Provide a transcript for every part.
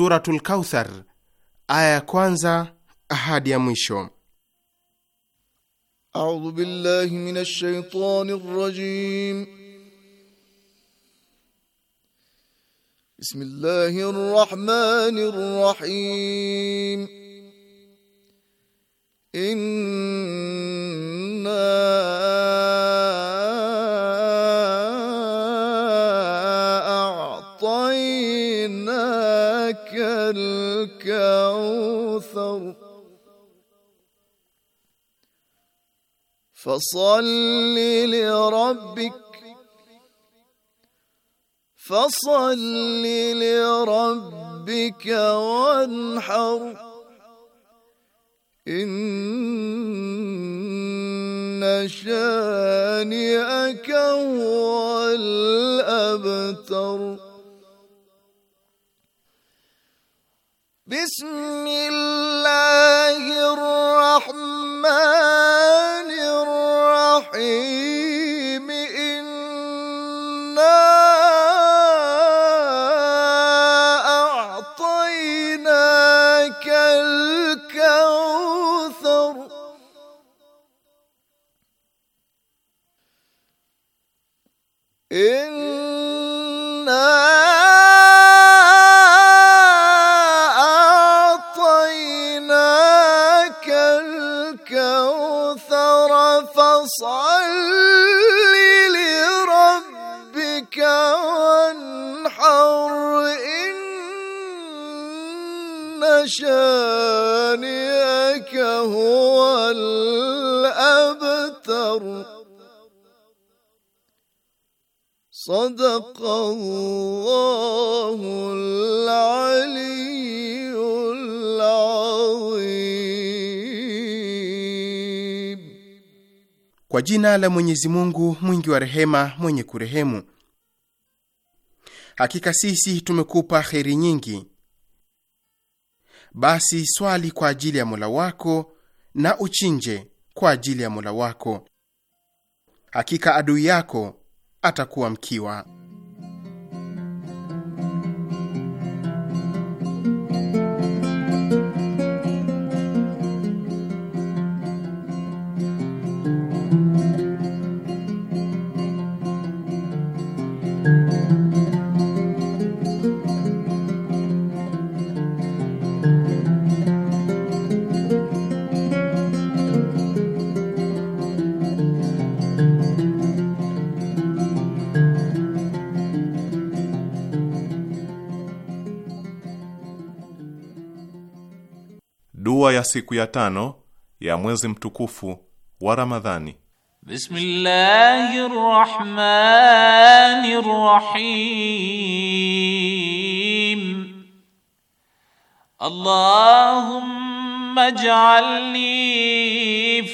Suratul Kauthar aya ya kwanza hadi ya mwisho. A'udhu billahi minash shaitani rrajim. Bismillahir rahmanir rahim. In فصل لربك فصل لربك وانحر إن شانئك هو الأبتر بسم الله الرحمن هو الأبتر صدق الله العلي العظيم Kwa jina la Mwenyezi Mungu mwingi wa rehema mwenye kurehemu. Hakika sisi tumekupa kheri nyingi basi swali kwa ajili ya Mola wako na uchinje kwa ajili ya Mola wako. Hakika adui yako atakuwa mkiwa. siku ya tano ya mwezi mtukufu wa Ramadhani. Bismillahir Rahmanir Rahim. Allahumma ij'alni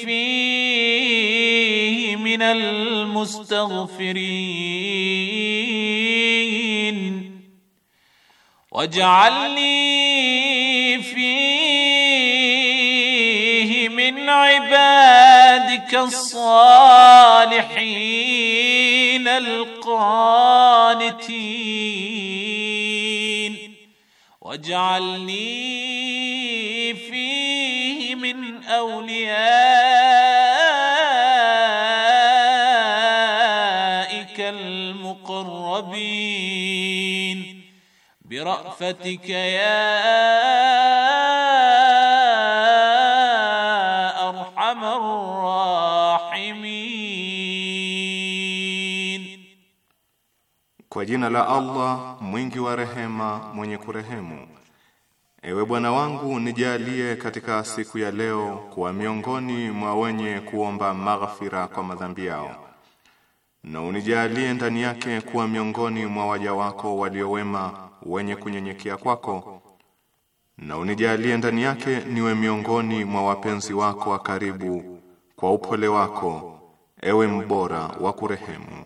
fihi minal mustaghfirin waj'al عبادك الصالحين القانتين واجعلني فيه من اوليائك المقربين برأفتك يا jina la Allah mwingi wa rehema, mwenye kurehemu. Ewe Bwana wangu, nijalie katika siku ya leo kuwa miongoni mwa wenye kuomba maghfira kwa madhambi yao, na unijalie ndani yake kuwa miongoni mwa waja wako waliowema wenye kunyenyekea kwako, na unijalie ndani yake niwe miongoni mwa wapenzi wako wa karibu kwa upole wako, ewe mbora wa kurehemu.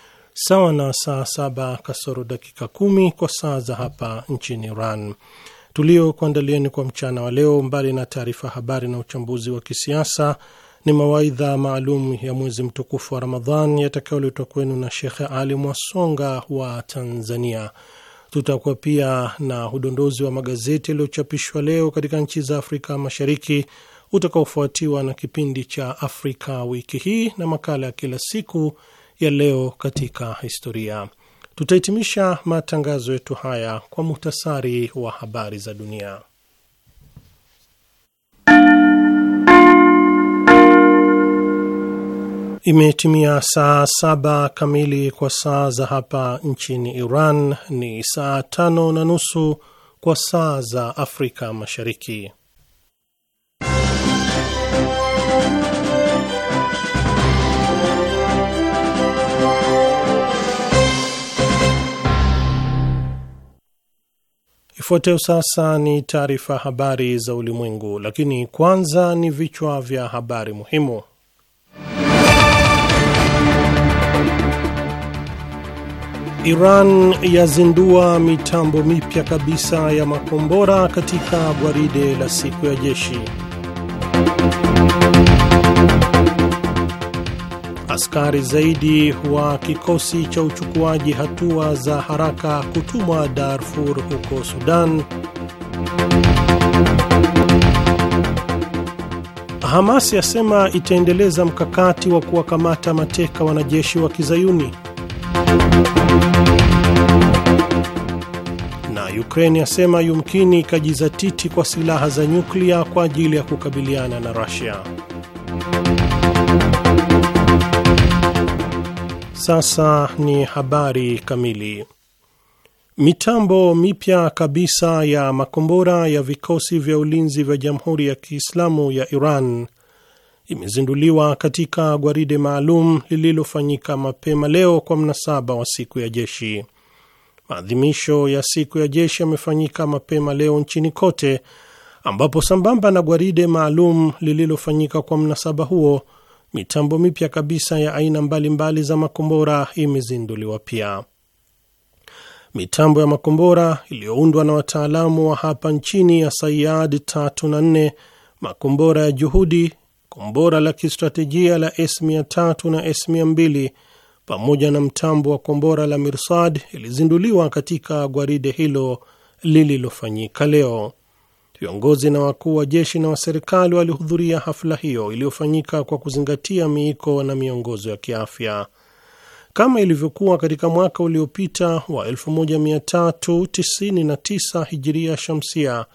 sawa na saa saba kasoro dakika kumi kwa saa za hapa nchini Iran. Tuliokuandalieni kwa mchana wa leo, mbali na taarifa habari na uchambuzi wa kisiasa, ni mawaidha maalum ya mwezi mtukufu wa Ramadhan yatakayoletwa kwenu na Shekhe Ali Mwasonga wa Tanzania. Tutakuwa pia na udondozi wa magazeti yaliyochapishwa leo katika nchi za Afrika Mashariki utakaofuatiwa na kipindi cha Afrika wiki hii na makala ya kila siku ya leo katika historia. Tutahitimisha matangazo yetu haya kwa muhtasari wa habari za dunia. Imetimia saa saba kamili kwa saa za hapa nchini Iran, ni saa tano na nusu kwa saa za Afrika Mashariki. Ifuatayo sasa ni taarifa habari za ulimwengu, lakini kwanza ni vichwa vya habari muhimu. Iran yazindua mitambo mipya kabisa ya makombora katika gwaride la siku ya jeshi. askari zaidi wa kikosi cha uchukuaji hatua za haraka kutumwa Darfur huko Sudan. Hamas yasema itaendeleza mkakati wa kuwakamata mateka wanajeshi wa Kizayuni. Na Ukraine yasema yumkini ikajizatiti kwa silaha za nyuklia kwa ajili ya kukabiliana na Russia. Sasa ni habari kamili. Mitambo mipya kabisa ya makombora ya vikosi vya ulinzi vya Jamhuri ya Kiislamu ya Iran imezinduliwa katika gwaride maalum lililofanyika mapema leo kwa mnasaba wa siku ya jeshi. Maadhimisho ya siku ya jeshi yamefanyika mapema leo nchini kote, ambapo sambamba na gwaride maalum lililofanyika kwa mnasaba huo Mitambo mipya kabisa ya aina mbalimbali mbali za makombora imezinduliwa pia. Mitambo ya makombora iliyoundwa na wataalamu wa hapa nchini ya Sayad tatu na nne, makombora ya Juhudi, kombora la kistratejia la s tatu na s mbili pamoja na mtambo wa kombora la Mirsad ilizinduliwa katika gwaride hilo lililofanyika leo. Viongozi na wakuu wa jeshi na waserikali walihudhuria hafla hiyo iliyofanyika kwa kuzingatia miiko na miongozo ya kiafya kama ilivyokuwa katika mwaka uliopita wa 1399 hijiria shamsia.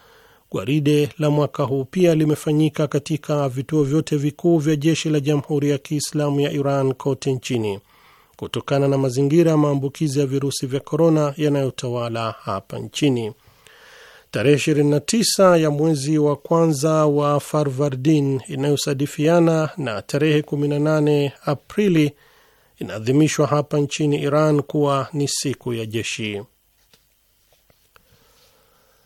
Gwaride la mwaka huu pia limefanyika katika vituo vyote vikuu vya jeshi la Jamhuri ya Kiislamu ya Iran kote nchini kutokana na mazingira ya maambukizi ya virusi vya korona yanayotawala hapa nchini. Tarehe 29 ya mwezi wa kwanza wa Farvardin inayosadifiana na tarehe 18 Aprili inaadhimishwa hapa nchini Iran kuwa ni siku ya jeshi.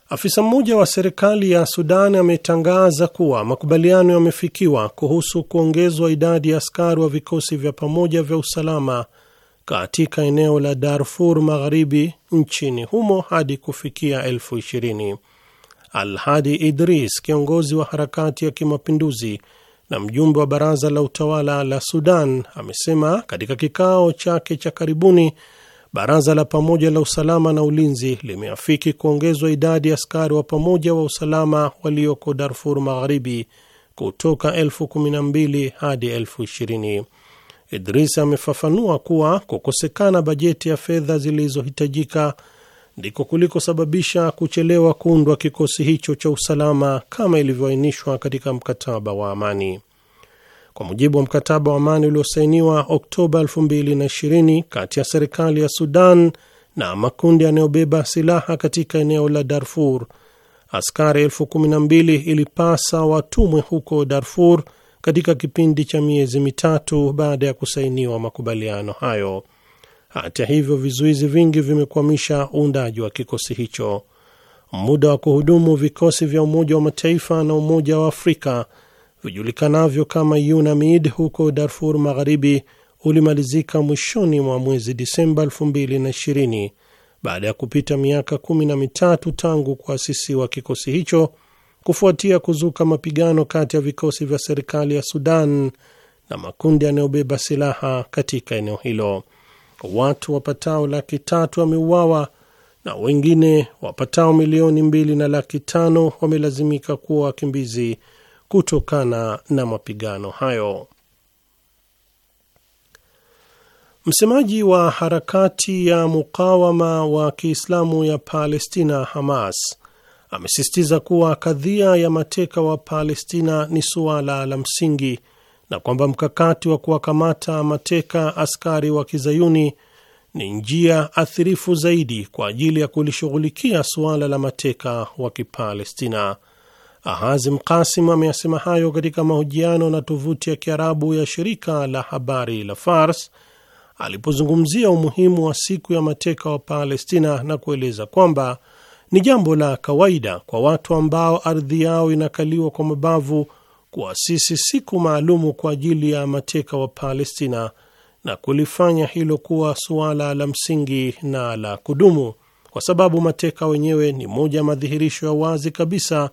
Afisa mmoja wa serikali ya Sudan ametangaza kuwa makubaliano yamefikiwa kuhusu kuongezwa idadi ya askari wa vikosi vya pamoja vya usalama katika eneo la Darfur Magharibi nchini humo hadi kufikia elfu ishirini. Al-Hadi Idris, kiongozi wa harakati ya kimapinduzi na mjumbe wa baraza la utawala la Sudan, amesema katika kikao chake cha karibuni baraza la pamoja la usalama na ulinzi limeafiki kuongezwa idadi ya askari wa pamoja wa usalama walioko Darfur Magharibi kutoka elfu kumi na mbili hadi elfu ishirini. Idris amefafanua kuwa kukosekana bajeti ya fedha zilizohitajika ndiko kulikosababisha kuchelewa kuundwa kikosi hicho cha usalama kama ilivyoainishwa katika mkataba wa amani. Kwa mujibu wa mkataba wa amani uliosainiwa Oktoba 2020 kati ya serikali ya Sudan na makundi yanayobeba silaha katika eneo la Darfur, askari elfu kumi na mbili ilipasa watumwe huko Darfur katika kipindi cha miezi mitatu baada ya kusainiwa makubaliano hayo. Hata hivyo, vizuizi vingi vimekwamisha uundaji wa kikosi hicho. Muda wa kuhudumu vikosi vya Umoja wa Mataifa na Umoja wa Afrika vijulikanavyo kama UNAMID huko Darfur Magharibi ulimalizika mwishoni mwa mwezi Disemba 2020 baada ya kupita miaka kumi na mitatu tangu kuasisiwa kikosi hicho kufuatia kuzuka mapigano kati ya vikosi vya serikali ya Sudan na makundi yanayobeba silaha katika eneo hilo. Watu wapatao laki tatu wameuawa na wengine wapatao milioni mbili na laki tano wamelazimika kuwa wakimbizi kutokana na mapigano hayo. Msemaji wa harakati ya mukawama wa Kiislamu ya Palestina Hamas amesisitiza kuwa kadhia ya mateka wa Palestina ni suala la msingi na kwamba mkakati wa kuwakamata mateka askari wa kizayuni ni njia athirifu zaidi kwa ajili ya kulishughulikia suala la mateka wa Kipalestina. Hazim Kasim ameyasema hayo katika mahojiano na tovuti ya Kiarabu ya shirika la habari la Fars alipozungumzia umuhimu wa siku ya mateka wa Palestina na kueleza kwamba ni jambo la kawaida kwa watu ambao ardhi yao inakaliwa kwa mabavu kuasisi siku maalumu kwa ajili ya mateka wa Palestina na kulifanya hilo kuwa suala la msingi na la kudumu, kwa sababu mateka wenyewe ni moja ya madhihirisho ya wazi kabisa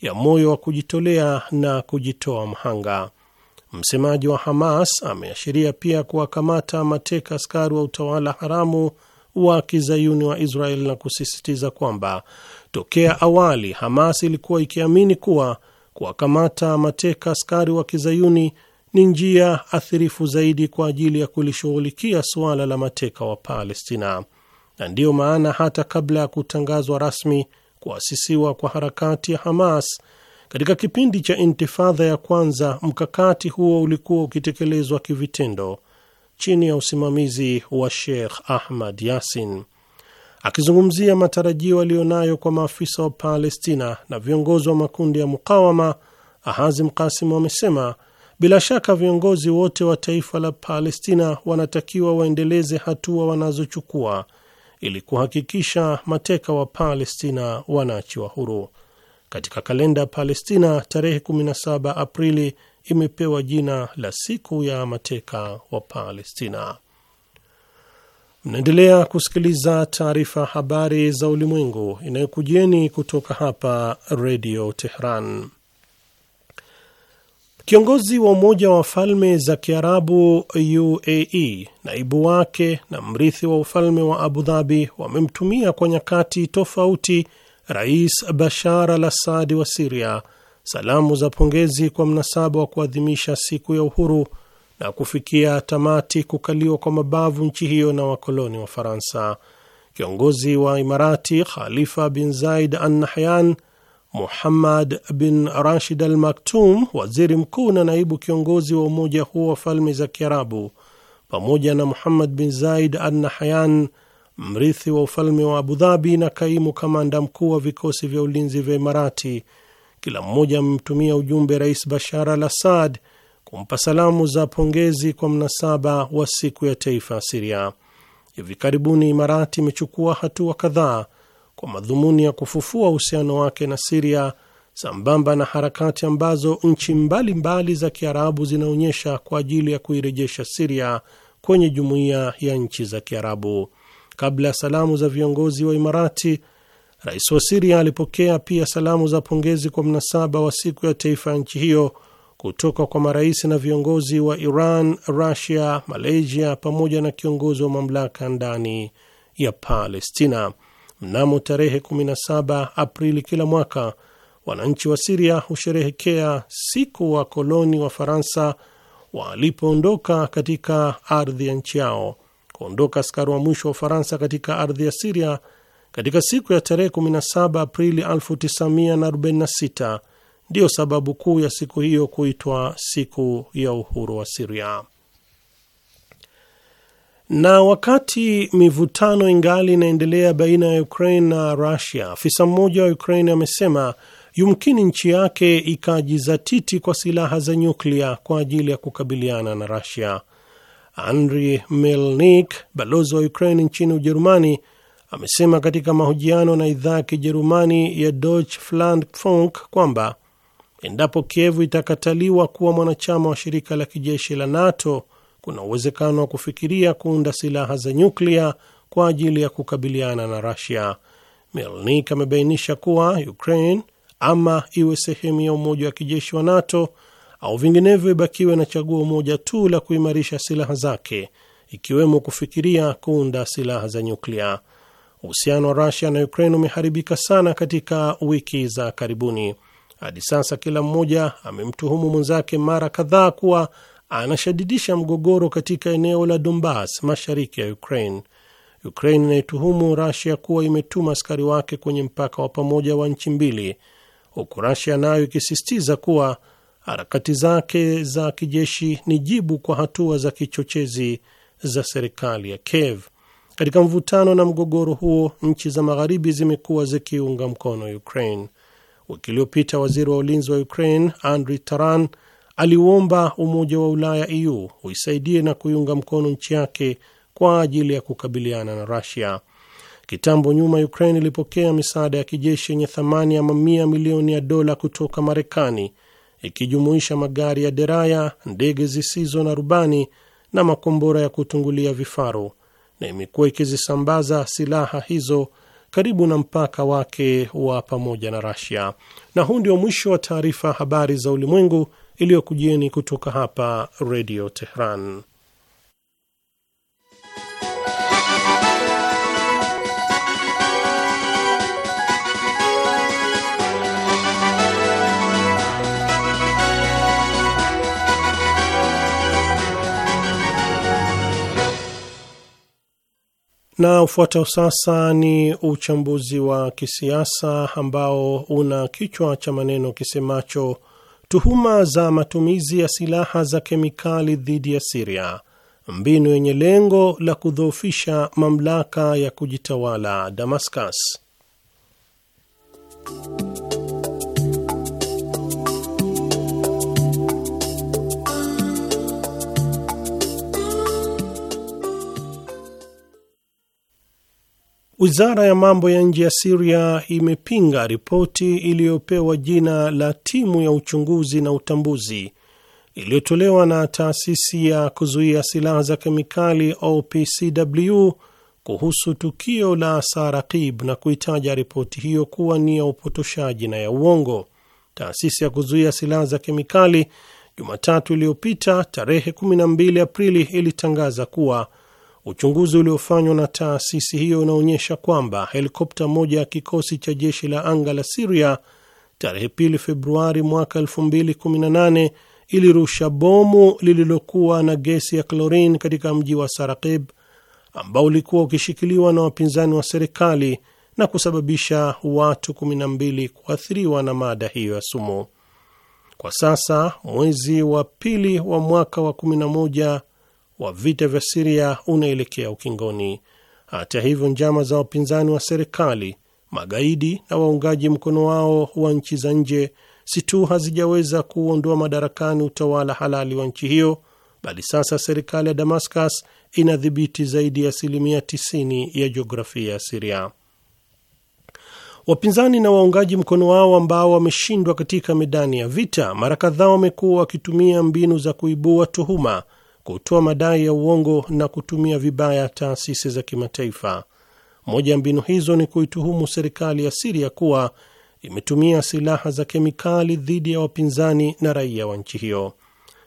ya moyo wa kujitolea na kujitoa mhanga. Msemaji wa Hamas ameashiria pia kuwakamata mateka askari wa utawala haramu wa kizayuni wa Israel na kusisitiza kwamba tokea awali Hamas ilikuwa ikiamini kuwa kuwakamata mateka askari wa kizayuni ni njia athirifu zaidi kwa ajili ya kulishughulikia suala la mateka wa Palestina, na ndiyo maana hata kabla ya kutangazwa rasmi kuasisiwa kwa harakati ya Hamas katika kipindi cha intifadha ya kwanza, mkakati huo ulikuwa ukitekelezwa kivitendo chini ya usimamizi wa Sheikh Ahmad Yasin. Akizungumzia matarajio aliyonayo kwa maafisa wa Palestina na viongozi wa makundi ya mukawama, Ahazim Kasim amesema bila shaka viongozi wote wa taifa la Palestina wanatakiwa waendeleze hatua wanazochukua ili kuhakikisha mateka wa Palestina wanaachiwa huru. Katika kalenda ya Palestina, tarehe 17 Aprili imepewa jina la siku ya mateka wa Palestina. Mnaendelea kusikiliza taarifa habari za ulimwengu inayokujieni kutoka hapa Redio Tehran. Kiongozi wa Umoja wa Falme za Kiarabu UAE, naibu wake na mrithi wa ufalme wa Abu Dhabi wamemtumia kwa nyakati tofauti Rais Bashar al Assadi wa Siria salamu za pongezi kwa mnasaba wa kuadhimisha siku ya uhuru na kufikia tamati kukaliwa kwa mabavu nchi hiyo na wakoloni wa Faransa. Kiongozi wa Imarati Khalifa bin Zaid Al Nahyan, Muhammad bin Rashid Al Maktum, waziri mkuu na naibu kiongozi wa umoja huo wa falme za Kiarabu, pamoja na Muhammad bin Zaid Al Nahyan, mrithi wa ufalme wa Abu Dhabi na kaimu kamanda mkuu wa vikosi vya ulinzi vya Imarati kila mmoja amemtumia ujumbe Rais Bashar al Assad kumpa salamu za pongezi kwa mnasaba wa siku ya taifa ya Siria. Hivi karibuni Imarati imechukua hatua kadhaa kwa madhumuni ya kufufua uhusiano wake na Siria sambamba na harakati ambazo nchi mbalimbali mbali za Kiarabu zinaonyesha kwa ajili ya kuirejesha Siria kwenye jumuiya ya nchi za Kiarabu. Kabla ya salamu za viongozi wa Imarati, Rais wa Siria alipokea pia salamu za pongezi kwa mnasaba wa siku ya taifa ya nchi hiyo kutoka kwa marais na viongozi wa Iran, Rusia, Malaysia pamoja na kiongozi wa mamlaka ndani ya Palestina. Mnamo tarehe 17 Aprili kila mwaka wananchi wa Siria husherehekea siku wakoloni wa Faransa walipoondoka katika ardhi ya nchi yao. Kuondoka askari wa mwisho wa Faransa katika ardhi ya Siria katika siku ya tarehe 17 Aprili 1946 ndiyo sababu kuu ya siku hiyo kuitwa siku ya uhuru wa Siria. Na wakati mivutano ingali inaendelea baina ya Ukraine na Russia, afisa mmoja wa Ukraine amesema yumkini nchi yake ikajizatiti kwa silaha za nyuklia kwa ajili ya kukabiliana na Russia. Andriy Melnik, balozi wa Ukraine nchini Ujerumani, amesema katika mahojiano na idhaa ya Kijerumani ya Deutschlandfunk kwamba endapo Kievu itakataliwa kuwa mwanachama wa shirika la kijeshi la NATO, kuna uwezekano wa kufikiria kuunda silaha za nyuklia kwa ajili ya kukabiliana na Rusia. Melnik amebainisha kuwa Ukraine ama iwe sehemu ya umoja wa kijeshi wa NATO au vinginevyo ibakiwe na chaguo moja tu la kuimarisha silaha zake, ikiwemo kufikiria kuunda silaha za nyuklia. Uhusiano wa Rusia na Ukraine umeharibika sana katika wiki za karibuni. Hadi sasa kila mmoja amemtuhumu mwenzake mara kadhaa kuwa anashadidisha mgogoro katika eneo la Donbas mashariki ya Ukraine. Ukraine inaituhumu Rusia kuwa imetuma askari wake kwenye mpaka wa pamoja wa nchi mbili, huku Rusia nayo ikisisitiza kuwa harakati zake za kijeshi ni jibu kwa hatua za kichochezi za serikali ya Kiev. Katika mvutano na mgogoro huo, nchi za magharibi zimekuwa zikiunga mkono Ukraine. Wiki iliyopita waziri wa ulinzi wa Ukraine Andri Taran aliuomba Umoja wa Ulaya EU uisaidie na kuiunga mkono nchi yake kwa ajili ya kukabiliana na Rusia. Kitambo nyuma Ukraine ilipokea misaada ya kijeshi yenye thamani ya mamia milioni ya dola kutoka Marekani, ikijumuisha magari ya deraya, ndege zisizo na rubani na makombora ya kutungulia vifaru na imekuwa ikizisambaza silaha hizo karibu na mpaka wake wa pamoja na Russia. Na huu ndio mwisho wa taarifa habari za ulimwengu iliyokujieni kutoka hapa Radio Tehran. Na ufuatao sasa ni uchambuzi wa kisiasa ambao una kichwa cha maneno kisemacho tuhuma za matumizi ya silaha za kemikali dhidi ya Siria, mbinu yenye lengo la kudhoofisha mamlaka ya kujitawala Damascus. Wizara ya mambo ya nje ya Siria imepinga ripoti iliyopewa jina la timu ya uchunguzi na utambuzi iliyotolewa na taasisi ya kuzuia silaha za kemikali OPCW kuhusu tukio la Sarakib na kuitaja ripoti hiyo kuwa ni ya upotoshaji na ya uongo. Taasisi ya kuzuia silaha za kemikali Jumatatu iliyopita tarehe 12 Aprili ilitangaza kuwa Uchunguzi uliofanywa na taasisi hiyo unaonyesha kwamba helikopta moja ya kikosi cha jeshi la anga la Siria tarehe pili Februari mwaka 2018 ilirusha bomu lililokuwa na gesi ya clorin katika mji wa Sarakib ambao ulikuwa ukishikiliwa na wapinzani wa serikali na kusababisha watu 12 kuathiriwa na mada hiyo ya sumu. Kwa sasa mwezi wa pili wa mwaka wa 11 wa vita vya Siria unaelekea ukingoni. Hata hivyo, njama za wapinzani wa serikali, magaidi na waungaji mkono wao wa nchi za nje si tu hazijaweza kuondoa madarakani utawala halali wa nchi hiyo, bali sasa serikali ya Damascus inadhibiti zaidi ya asilimia 90 ya jiografia ya Siria. Wapinzani na waungaji mkono wao ambao wameshindwa katika medani ya vita, mara kadhaa wamekuwa wakitumia mbinu za kuibua tuhuma kutoa madai ya uongo na kutumia vibaya taasisi za kimataifa. Moja ya mbinu hizo ni kuituhumu serikali ya Siria kuwa imetumia silaha za kemikali dhidi ya wapinzani na raia wa nchi hiyo.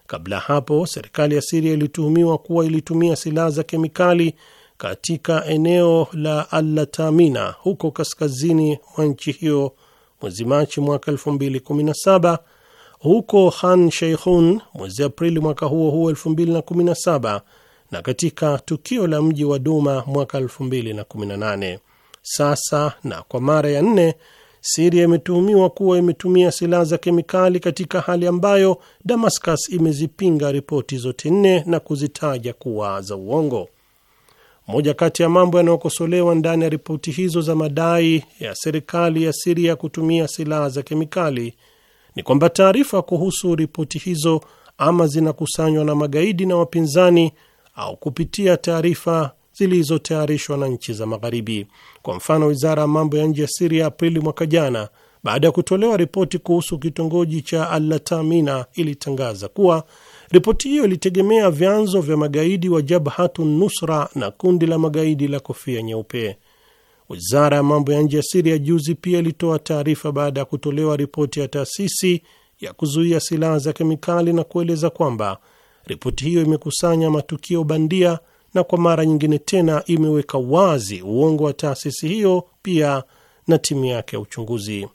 Kabla hapo, serikali ya Siria ilituhumiwa kuwa ilitumia silaha za kemikali katika eneo la Alatamina huko kaskazini mwa nchi hiyo mwezi Machi mwaka 2017 huko Han Sheikhun mwezi Aprili mwaka huo huo 2017 na katika tukio la mji wa Duma mwaka 2018. Sasa na kwa mara ya nne Siria imetuhumiwa kuwa imetumia silaha za kemikali katika hali ambayo Damascus imezipinga ripoti zote nne na kuzitaja kuwa za uongo. Moja kati ya mambo yanayokosolewa ndani ya ripoti hizo za madai ya serikali ya Siria kutumia silaha za kemikali ni kwamba taarifa kuhusu ripoti hizo ama zinakusanywa na magaidi na wapinzani au kupitia taarifa zilizotayarishwa na nchi za Magharibi. Kwa mfano, wizara ya mambo ya nje ya Siria Aprili mwaka jana, baada ya kutolewa ripoti kuhusu kitongoji cha Alatamina, ilitangaza kuwa ripoti hiyo ilitegemea vyanzo vya magaidi wa Jabhatu Nusra na kundi la magaidi la kofia nyeupe. Wizara ya mambo ya nje ya Siria juzi pia ilitoa taarifa baada ya kutolewa ripoti ya taasisi ya kuzuia silaha za kemikali na kueleza kwamba ripoti hiyo imekusanya matukio bandia na kwa mara nyingine tena imeweka wazi uongo wa taasisi hiyo pia na timu yake ya uchunguzi.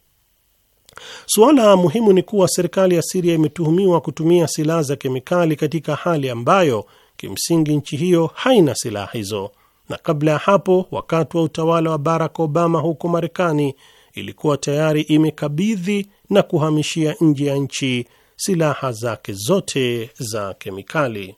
Suala muhimu ni kuwa serikali ya Siria imetuhumiwa kutumia silaha za kemikali katika hali ambayo kimsingi nchi hiyo haina silaha hizo na kabla ya hapo, wakati wa utawala wa Barack Obama huko Marekani, ilikuwa tayari imekabidhi na kuhamishia nje ya nchi silaha zake zote za kemikali.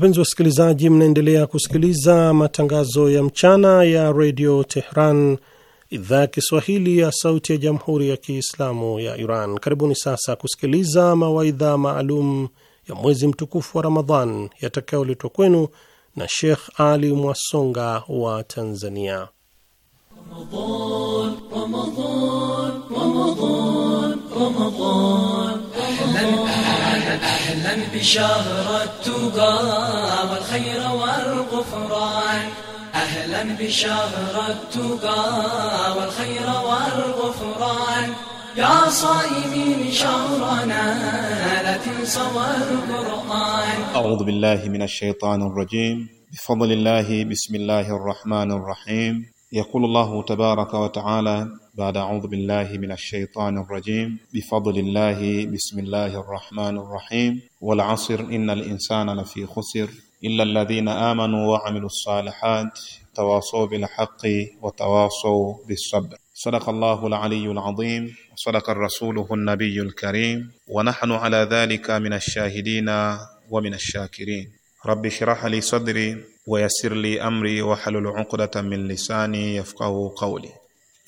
Wapenzi wasikilizaji, mnaendelea kusikiliza matangazo ya mchana ya redio Tehran, idhaa ya Kiswahili ya sauti ya jamhuri ya Kiislamu ya Iran. Karibuni sasa kusikiliza mawaidha maalum ya mwezi mtukufu wa Ramadhan yatakayoletwa kwenu na Shekh Ali Mwasonga wa Tanzania. Ramadhan, Ramadhan, Ramadhan. رمضان أهلا أهلا أهلا بشهر التقى والخير والغفران أهلا بشهر التقى والخير والغفران يا صائمين شهرنا لا تنسى والقرآن أعوذ بالله من الشيطان الرجيم بفضل الله بسم الله الرحمن الرحيم يقول الله تبارك وتعالى بعد أعوذ بالله من الشيطان الرجيم بفضل الله بسم الله الرحمن الرحيم والعصر إن الإنسان لفي خسر إلا الذين آمنوا وعملوا الصالحات تواصوا بالحق وتواصوا بالصبر صدق الله العلي العظيم وصدق رسوله النبي الكريم ونحن على ذلك من الشاهدين ومن الشاكرين رب اشرح لي صدري ويسر لي أمري وحلل عقدة من لساني يفقه قولي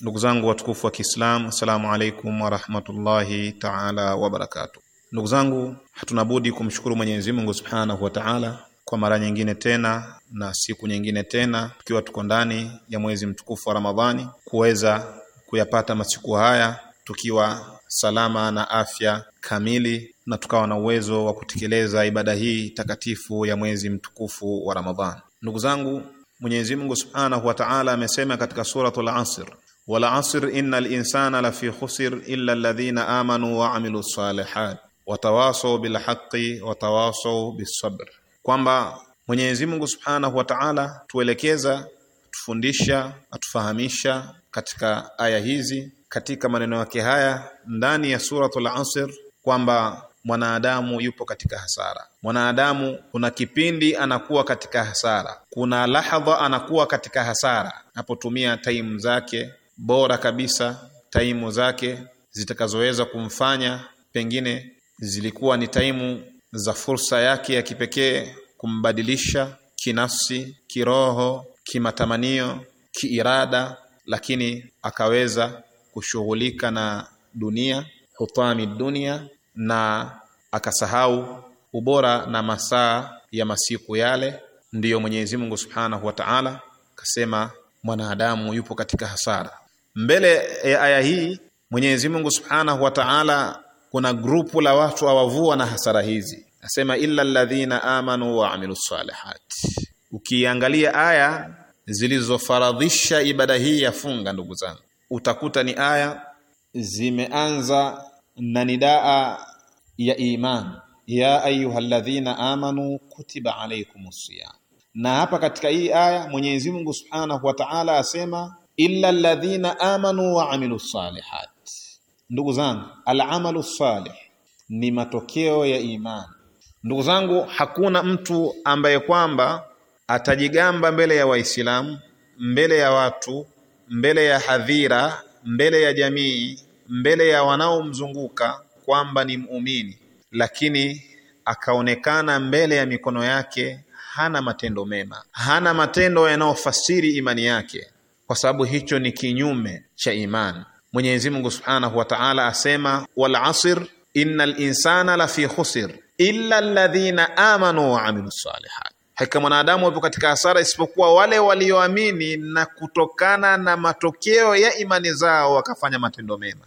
Ndugu zangu watukufu wa Kiislamu, assalamu alaikum warahmatullahi taala wabarakatu. Ndugu zangu, hatuna budi kumshukuru Mwenyezi Mungu subhanahu wa taala kwa mara nyingine tena na siku nyingine tena, tukiwa tuko ndani ya mwezi mtukufu wa Ramadhani, kuweza kuyapata masiku haya tukiwa salama na afya kamili, na tukawa na uwezo wa kutekeleza ibada hii takatifu ya mwezi mtukufu wa Ramadhani. Ndugu zangu, Mwenyezi Mungu subhanahu wa taala amesema katika suratul Asr والعصر إن الإنسان لفي خسر إلا الذين آمنوا وعملوا salihat watawasau bilhaqi watawasau bisabr, kwamba Mwenyezi Mungu Subhanahu wa Ta'ala tuelekeza, atufundisha, atufahamisha katika aya hizi, katika maneno yake haya ndani ya suratul Asr kwamba mwanadamu yupo katika hasara. Mwanadamu kuna kipindi anakuwa katika hasara, kuna lahadha anakuwa katika hasara, napotumia taimu zake bora kabisa taimu zake zitakazoweza kumfanya pengine zilikuwa ni taimu za fursa yake ya kipekee kumbadilisha kinafsi, kiroho, kimatamanio, kiirada, lakini akaweza kushughulika na dunia, hutami dunia, na akasahau ubora na masaa ya masiku yale. Ndiyo Mwenyezi Mungu Subhanahu wa Ta'ala akasema mwanadamu yupo katika hasara. Mbele ya aya hii Mwenyezi Mungu Subhanahu wa Ta'ala, kuna grupu la watu awavua na hasara hizi, asema illa alladhina amanu wa amilu salihati. Ukiangalia aya zilizofaradhisha ibada hii ya funga, ndugu zangu, utakuta ni aya zimeanza na nidaa ya iman ya ayyuhalladhina amanu kutiba alaykumus siyam. Na hapa katika hii aya Mwenyezi Mungu Subhanahu wa Ta'ala asema illa alladhina amanu wa amilu salihat. Ndugu zangu, alamalu salih ni matokeo ya imani. Ndugu zangu, hakuna mtu ambaye kwamba atajigamba mbele ya Waislamu, mbele ya watu, mbele ya hadhira, mbele ya jamii, mbele ya wanaomzunguka kwamba ni muumini, lakini akaonekana mbele ya mikono yake hana matendo mema, hana matendo yanayofasiri imani yake kwa sababu hicho ni kinyume cha imani. Mwenyezi Mungu Subhanahu wa Ta'ala asema, wal asr innal insana lafi khusr illa alladhina amanu wa amilu salihat, hakika mwanadamu wapo katika hasara isipokuwa wale walioamini na kutokana na matokeo ya imani zao wakafanya matendo mema.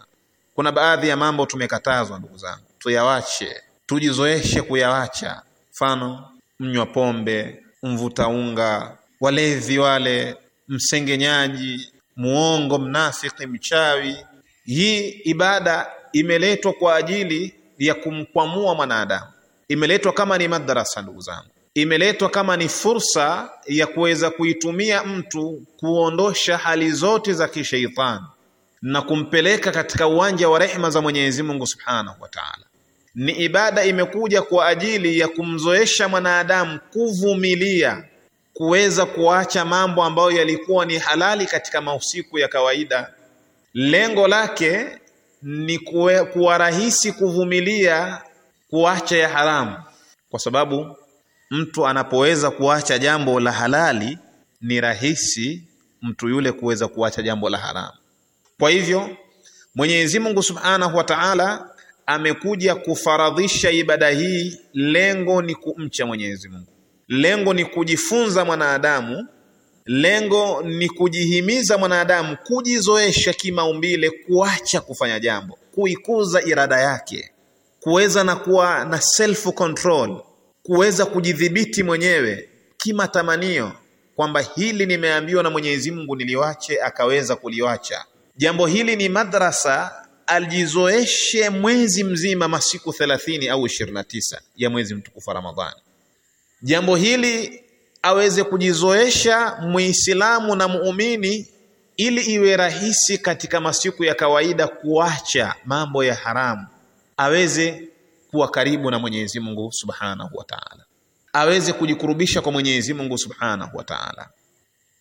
Kuna baadhi ya mambo tumekatazwa, ndugu zangu, tuyawache, tujizoeshe kuyawacha. Mfano, mnywa pombe, mvuta unga, walevi wale msengenyaji, muongo, mnafiki, mchawi. Hii ibada imeletwa kwa ajili ya kumkwamua mwanadamu, imeletwa kama ni madarasa, ndugu zangu, imeletwa kama ni fursa ya kuweza kuitumia mtu kuondosha hali zote za kisheitani na kumpeleka katika uwanja wa rehma za Mwenyezi Mungu Subhanahu wa Ta'ala. Ni ibada imekuja kwa ajili ya kumzoesha mwanadamu kuvumilia kuweza kuacha mambo ambayo yalikuwa ni halali katika mausiku ya kawaida. Lengo lake ni kuwa rahisi kuvumilia kuacha ya haramu, kwa sababu mtu anapoweza kuacha jambo la halali ni rahisi mtu yule kuweza kuacha jambo la haramu. Kwa hivyo Mwenyezi Mungu Subhanahu wa Ta'ala amekuja kufaradhisha ibada hii, lengo ni kumcha Mwenyezi Mungu lengo ni kujifunza mwanadamu, lengo ni kujihimiza mwanadamu kujizoesha kimaumbile, kuacha kufanya jambo, kuikuza irada yake, kuweza na kuwa na self control, kuweza kujidhibiti mwenyewe kimatamanio, kwamba hili nimeambiwa na Mwenyezi Mungu niliwache, akaweza kuliwacha. Jambo hili ni madrasa alijizoeshe mwezi mzima, masiku thelathini au ishirini na tisa ya mwezi mtukufu wa Ramadhani. Jambo hili aweze kujizoesha Muislamu na muumini ili iwe rahisi katika masiku ya kawaida kuacha mambo ya haramu, aweze kuwa karibu na Mwenyezi Mungu Subhanahu wa Ta'ala, aweze kujikurubisha kwa Mwenyezi Mungu Subhanahu wa Ta'ala.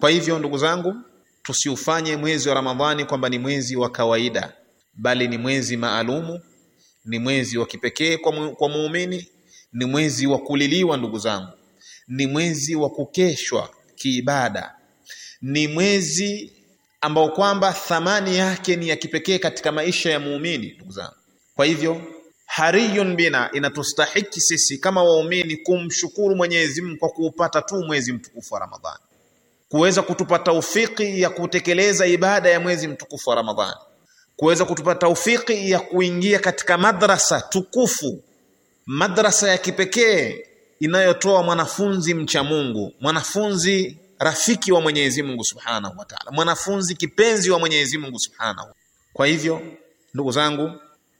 Kwa hivyo ndugu zangu, tusiufanye mwezi wa Ramadhani kwamba ni mwezi wa kawaida, bali ni mwezi maalumu, ni mwezi wa kipekee kwa muumini ni mwezi wa kuliliwa ndugu zangu, ni mwezi wa kukeshwa kiibada, ni mwezi ambao kwamba thamani yake ni ya kipekee katika maisha ya muumini ndugu zangu. Kwa hivyo hariyun bina, inatustahiki sisi kama waumini kumshukuru Mwenyezi Mungu kwa kuupata tu mwezi mtukufu wa Ramadhani, kuweza kutupa taufiki ya kutekeleza ibada ya mwezi mtukufu wa Ramadhani, kuweza kutupa taufiki ya kuingia katika madrasa tukufu madrasa ya kipekee inayotoa mwanafunzi mcha Mungu, mwanafunzi rafiki wa Mwenyezi Mungu Subhanahu wa Ta'ala, mwanafunzi kipenzi wa Mwenyezi Mungu Subhanahu. Kwa hivyo ndugu zangu,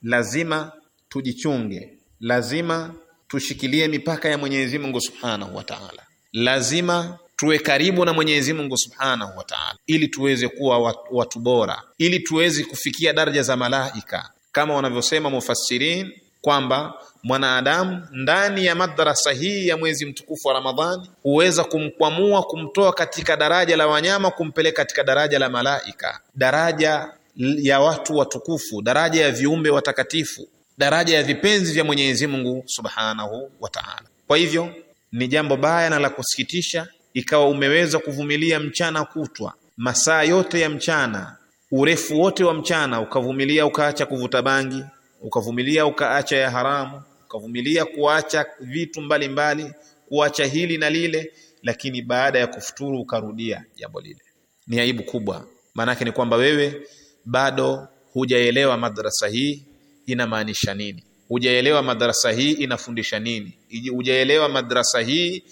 lazima tujichunge, lazima tushikilie mipaka ya Mwenyezi Mungu Subhanahu wa Ta'ala, lazima tuwe karibu na Mwenyezi Mungu Subhanahu wa Ta'ala ili tuweze kuwa watu bora, ili tuweze kufikia daraja za malaika kama wanavyosema mufassirin kwamba mwanadamu ndani ya madrasa hii ya mwezi mtukufu wa Ramadhani huweza kumkwamua, kumtoa katika daraja la wanyama, kumpeleka katika daraja la malaika, daraja ya watu watukufu, daraja ya viumbe watakatifu, daraja ya vipenzi vya Mwenyezi Mungu Subhanahu wa Ta'ala. Kwa hivyo ni jambo baya na la kusikitisha, ikawa umeweza kuvumilia mchana kutwa, masaa yote ya mchana, urefu wote wa mchana, ukavumilia ukaacha kuvuta bangi ukavumilia ukaacha ya haramu ukavumilia kuacha vitu mbalimbali mbali, kuacha hili na lile lakini baada ya kufuturu ukarudia jambo lile ni aibu kubwa maanake ni kwamba wewe bado hujaelewa madrasa hii inamaanisha nini hujaelewa madrasa hii inafundisha nini hujaelewa madrasa hii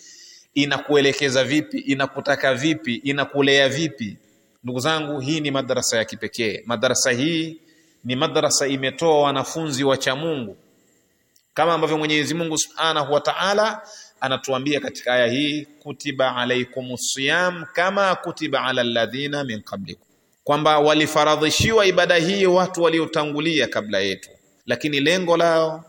inakuelekeza vipi inakutaka vipi inakulea vipi ndugu zangu hii ni madarasa ya kipekee madarasa hii ni madrasa imetoa wanafunzi cha Mungu, kama ambavyo Mwenyezi Mungu Subhanahu wa Ta'ala anatuambia katika aya hii, kutiba alaikumus siyam kama kutiba ala alladhina min qablikum, kwamba walifaradhishiwa ibada hii watu waliotangulia kabla yetu, lakini lengo lao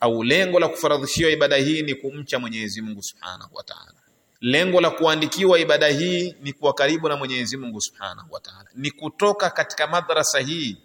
au lengo la kufaradhishiwa ibada hii ni kumcha Mwenyezi Mungu Subhanahu wa Ta'ala. Lengo la kuandikiwa ibada hii ni kuwa karibu na Mwenyezi Mungu Subhanahu wa Ta'ala, ni kutoka katika madrasa hii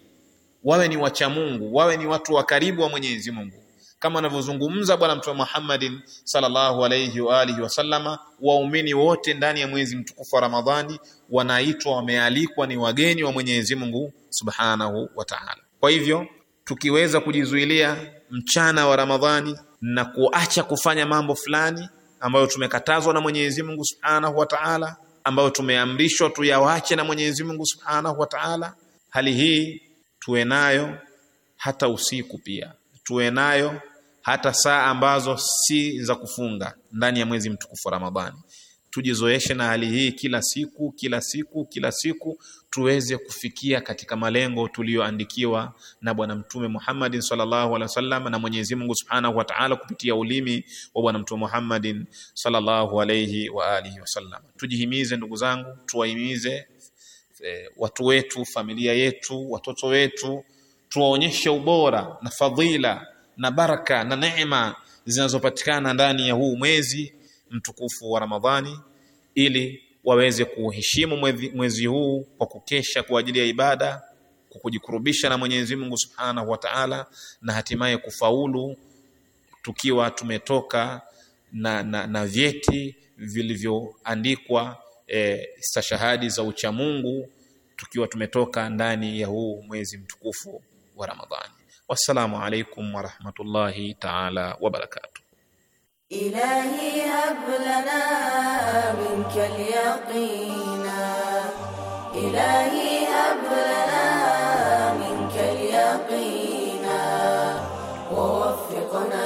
wawe ni wacha Mungu, wawe ni watu wa karibu wa Mwenyezi Mungu, kama anavyozungumza Bwana Mtume Muhammadin sallallahu alayhi wa alihi wasallama, waumini wote ndani ya mwezi mtukufu wa Ramadhani wanaitwa, wamealikwa, ni wageni wa Mwenyezi Mungu subhanahu wa ta'ala. Kwa hivyo tukiweza kujizuilia mchana wa Ramadhani na kuacha kufanya mambo fulani ambayo tumekatazwa na Mwenyezi Mungu subhanahu wa ta'ala, ambayo tumeamrishwa tuyawache na Mwenyezi Mungu subhanahu wa ta'ala, hali hii tuwe nayo hata usiku pia, tuwe nayo hata saa ambazo si za kufunga ndani ya mwezi mtukufu wa Ramadhani. Tujizoeshe na hali hii kila siku kila siku kila siku, tuweze kufikia katika malengo tuliyoandikiwa na Bwana Mtume Muhammadin sallallahu alaihi wasallam na Mwenyezi Mungu Subhanahu wa Ta'ala kupitia ulimi wa Bwana Mtume Muhammadin sallallahu alaihi wa alihi wasallam. Tujihimize ndugu zangu, tuwahimize eh, watu wetu, familia yetu, watoto wetu, tuwaonyeshe ubora na fadhila na baraka na neema zinazopatikana ndani ya huu mwezi mtukufu wa Ramadhani ili waweze kuheshimu mwezi, mwezi huu kwa kukesha kwa ajili ya ibada, kwa kujikurubisha na Mwenyezi Mungu Subhanahu wa Ta'ala, na hatimaye kufaulu tukiwa tumetoka na, na, na vyeti vilivyoandikwa e, stashahadi za uchamungu tukiwa tumetoka ndani ya huu mwezi mtukufu wa Ramadhani. Wassalamu alaikum wa rahmatullahi ta'ala wa barakatuh. Ilahi hab lana minka al-yaqina Ilahi hab lana minka al-yaqina wa waffiqna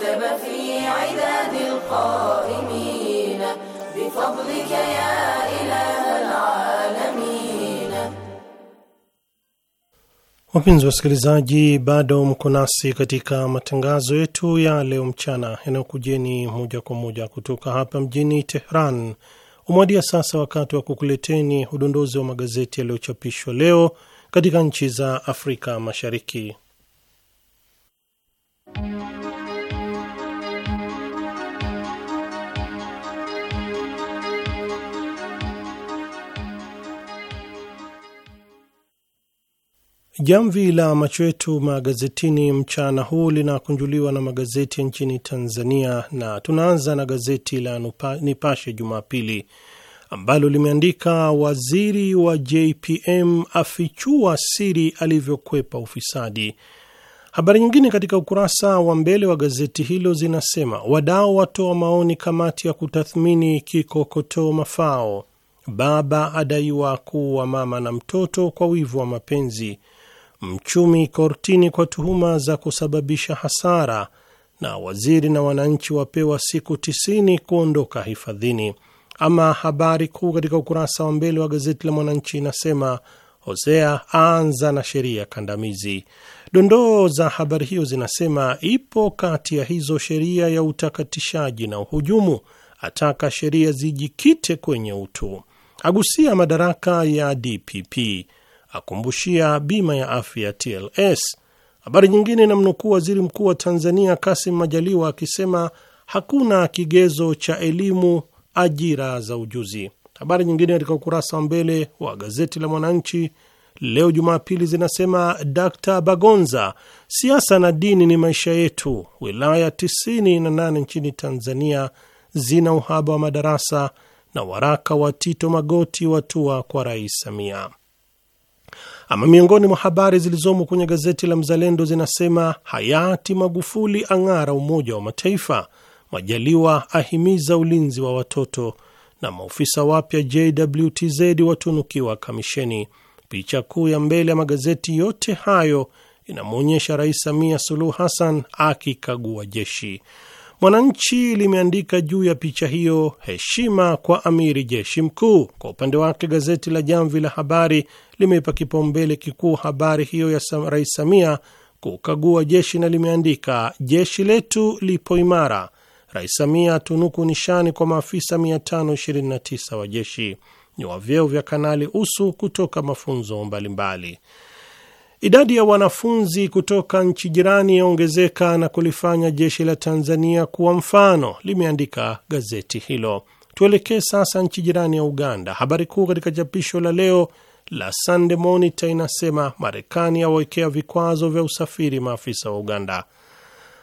واكتب في عداد القائمين بفضلك يا إله العالمين Wapenzi wasikilizaji, bado mko nasi katika matangazo yetu ya leo mchana yanayokujeni moja kwa moja kutoka hapa mjini Tehran. Umewadia sasa wakati wa kukuleteni udondozi wa magazeti yaliyochapishwa leo katika nchi za Afrika Mashariki. Jamvi la macho yetu magazetini mchana huu linakunjuliwa na magazeti nchini Tanzania, na tunaanza na gazeti la Nipashe Jumapili ambalo limeandika waziri wa JPM afichua siri alivyokwepa ufisadi. Habari nyingine katika ukurasa wa mbele wa gazeti hilo zinasema wadau watoa wa maoni kamati ya kutathmini kikokotoo mafao, baba adaiwa kuwa mama na mtoto kwa wivu wa mapenzi mchumi kortini kwa tuhuma za kusababisha hasara, na waziri na wananchi wapewa siku tisini kuondoka hifadhini. Ama habari kuu katika ukurasa wa mbele wa gazeti la Mwananchi inasema Hosea aanza na sheria kandamizi. Dondoo za habari hiyo zinasema ipo kati ya hizo sheria ya utakatishaji na uhujumu, ataka sheria zijikite kwenye utu, agusia madaraka ya DPP akumbushia bima ya afya TLS. Habari nyingine inamnukuu waziri mkuu wa Tanzania Kasim Majaliwa akisema hakuna kigezo cha elimu, ajira za ujuzi. Habari nyingine katika ukurasa wa mbele wa gazeti la Mwananchi leo Jumapili zinasema d Bagonza, siasa na dini ni maisha yetu. Wilaya 98 nchini Tanzania zina uhaba wa madarasa, na waraka wa Tito Magoti watua kwa Rais Samia. Ama miongoni mwa habari zilizomo kwenye gazeti la Mzalendo zinasema hayati Magufuli ang'ara Umoja wa Mataifa, Majaliwa ahimiza ulinzi wa watoto, na maofisa wapya JWTZ watunukiwa kamisheni. Picha kuu ya mbele ya magazeti yote hayo inamwonyesha Rais Samia Suluhu Hassan akikagua jeshi. Mwananchi limeandika juu ya picha hiyo, heshima kwa amiri jeshi mkuu. Kwa upande wake, gazeti la Jamvi la Habari limeipa kipaumbele kikuu habari hiyo ya Rais Samia kukagua jeshi na limeandika jeshi letu lipo imara, Rais Samia tunuku nishani kwa maafisa 529 wa jeshi, ni wa vyeo vya kanali usu kutoka mafunzo mbalimbali mbali. Idadi ya wanafunzi kutoka nchi jirani yaongezeka na kulifanya jeshi la Tanzania kuwa mfano, limeandika gazeti hilo. Tuelekee sasa nchi jirani ya Uganda. Habari kuu katika chapisho la leo la Sunday Monitor inasema Marekani awekea vikwazo vya usafiri maafisa wa Uganda.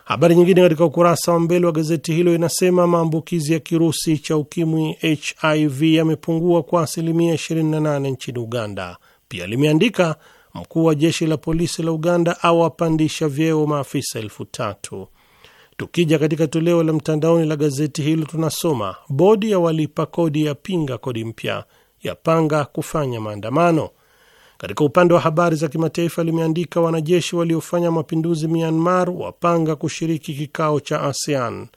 Habari nyingine katika ukurasa wa mbele wa gazeti hilo inasema maambukizi ya kirusi cha ukimwi HIV yamepungua kwa asilimia 28 nchini Uganda. Pia limeandika mkuu wa jeshi la polisi la Uganda awapandisha vyeo maafisa elfu tatu. Tukija katika toleo la mtandaoni la gazeti hilo tunasoma bodi ya walipa kodi ya pinga kodi mpya yapanga kufanya maandamano. Katika upande wa habari za kimataifa, limeandika wanajeshi waliofanya mapinduzi Myanmar wapanga kushiriki kikao cha ASEAN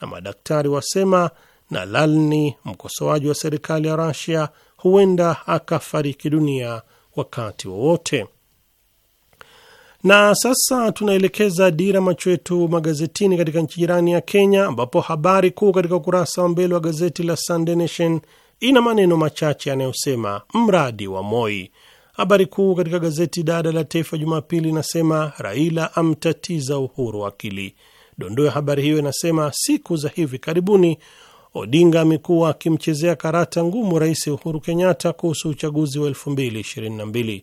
na madaktari wasema Nalalni, mkosoaji wa serikali ya rasia huenda akafariki dunia wakati wowote. Na sasa tunaelekeza dira macho yetu magazetini katika nchi jirani ya Kenya, ambapo habari kuu katika ukurasa wa mbele wa gazeti la Sunday Nation ina maneno machache yanayosema mradi wa Moi. Habari kuu katika gazeti dada la Taifa Jumapili inasema Raila amtatiza Uhuru akili. Dondoo ya habari hiyo inasema siku za hivi karibuni Odinga amekuwa akimchezea karata ngumu Rais Uhuru Kenyatta kuhusu uchaguzi wa 2022.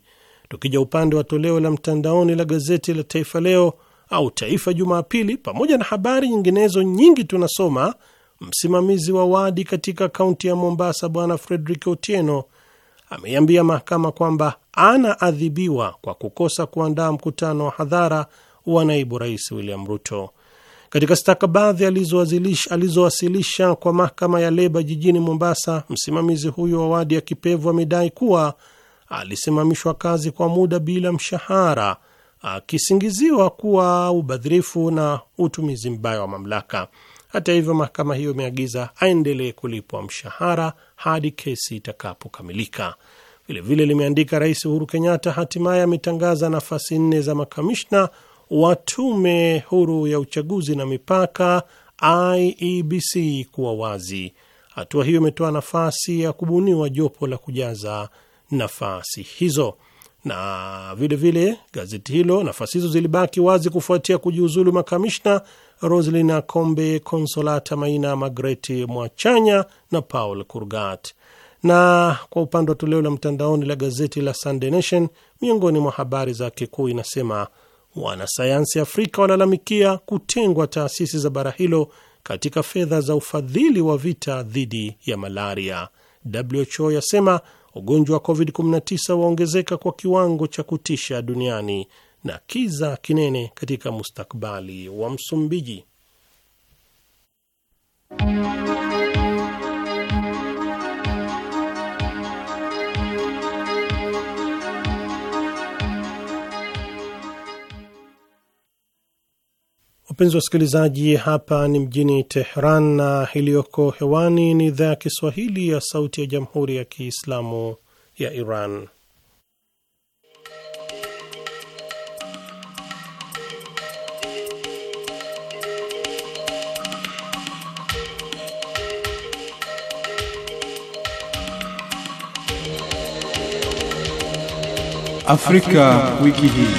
Tukija upande wa toleo la mtandaoni la gazeti la Taifa Leo au Taifa Jumapili, pamoja na habari nyinginezo nyingi, tunasoma Msimamizi wa wadi katika kaunti ya Mombasa, Bwana Fredrick Otieno ameiambia mahakama kwamba anaadhibiwa kwa kukosa kuandaa mkutano wa hadhara wa naibu rais William Ruto. Katika stakabadhi alizowasilisha kwa mahakama ya leba jijini Mombasa, msimamizi huyo wa wadi ya Kipevu amedai kuwa alisimamishwa kazi kwa muda bila mshahara akisingiziwa kuwa ubadhirifu na utumizi mbaya wa mamlaka. Hata hivyo, mahakama hiyo imeagiza aendelee kulipwa mshahara hadi kesi itakapokamilika. Vilevile limeandika Rais Uhuru Kenyatta hatimaye ametangaza nafasi nne za makamishna wa Tume Huru ya Uchaguzi na Mipaka, IEBC, kuwa wazi. Hatua hiyo imetoa nafasi ya kubuniwa jopo la kujaza nafasi hizo na vilevile vile, gazeti hilo nafasi hizo zilibaki wazi kufuatia kujiuzulu makamishna Roslina Kombe, Konsolata Maina, Magreti Mwachanya na Paul Kurgat. Na kwa upande wa toleo la mtandaoni la gazeti la Sunday Nation, miongoni mwa habari zake kuu inasema wanasayansi Afrika walalamikia kutengwa taasisi za bara hilo katika fedha za ufadhili wa vita dhidi ya malaria. WHO yasema ugonjwa wa COVID-19 waongezeka kwa kiwango cha kutisha duniani na kiza kinene katika mustakbali wa Msumbiji. Wapenzi wasikilizaji, hapa ni mjini Teheran na iliyoko hewani ni idhaa ya Kiswahili ya Sauti ya Jamhuri ya Kiislamu ya Iran. Afrika, wiki hii.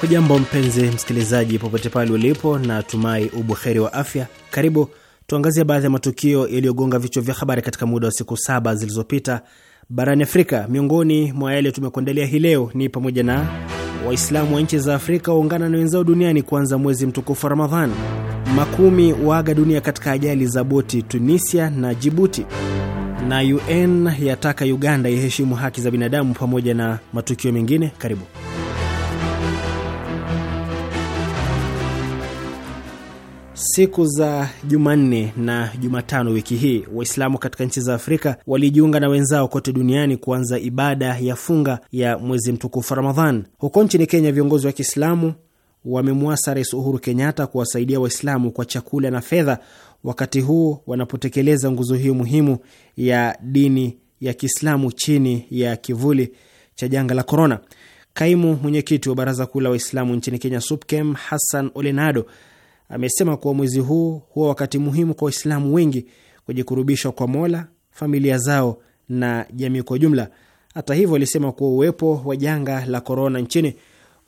Hujambo mpenzi msikilizaji, popote pale ulipo, na tumai ubuheri wa afya. Karibu tuangazie baadhi ya matukio yaliyogonga vichwa vya habari katika muda wa siku saba zilizopita barani Afrika. Miongoni mwa yale tumekuandalia hii leo ni pamoja na Waislamu wa nchi za Afrika waungana na wenzao duniani kuanza mwezi mtukufu wa Ramadhan, makumi waaga dunia katika ajali za boti Tunisia na Jibuti, na UN yataka Uganda iheshimu haki za binadamu pamoja na matukio mengine. Karibu. Siku za Jumanne na Jumatano wiki hii Waislamu katika nchi za Afrika walijiunga na wenzao kote duniani kuanza ibada ya funga ya mwezi mtukufu Ramadhan. Huko nchini Kenya, viongozi wa Kiislamu wamemwasa Rais Uhuru Kenyatta kuwasaidia Waislamu kwa chakula na fedha, wakati huu wanapotekeleza nguzo hiyo muhimu ya dini ya Kiislamu chini ya kivuli cha janga la korona. Kaimu mwenyekiti wa Baraza Kuu la Waislamu nchini Kenya, SUPKEM, Hassan Olenado amesema kuwa mwezi huu huwa wakati muhimu kwa Waislamu wengi kujikurubishwa kwa Mola, familia zao na jamii kwa jumla. Hata hivyo, alisema kuwa uwepo wa janga la korona nchini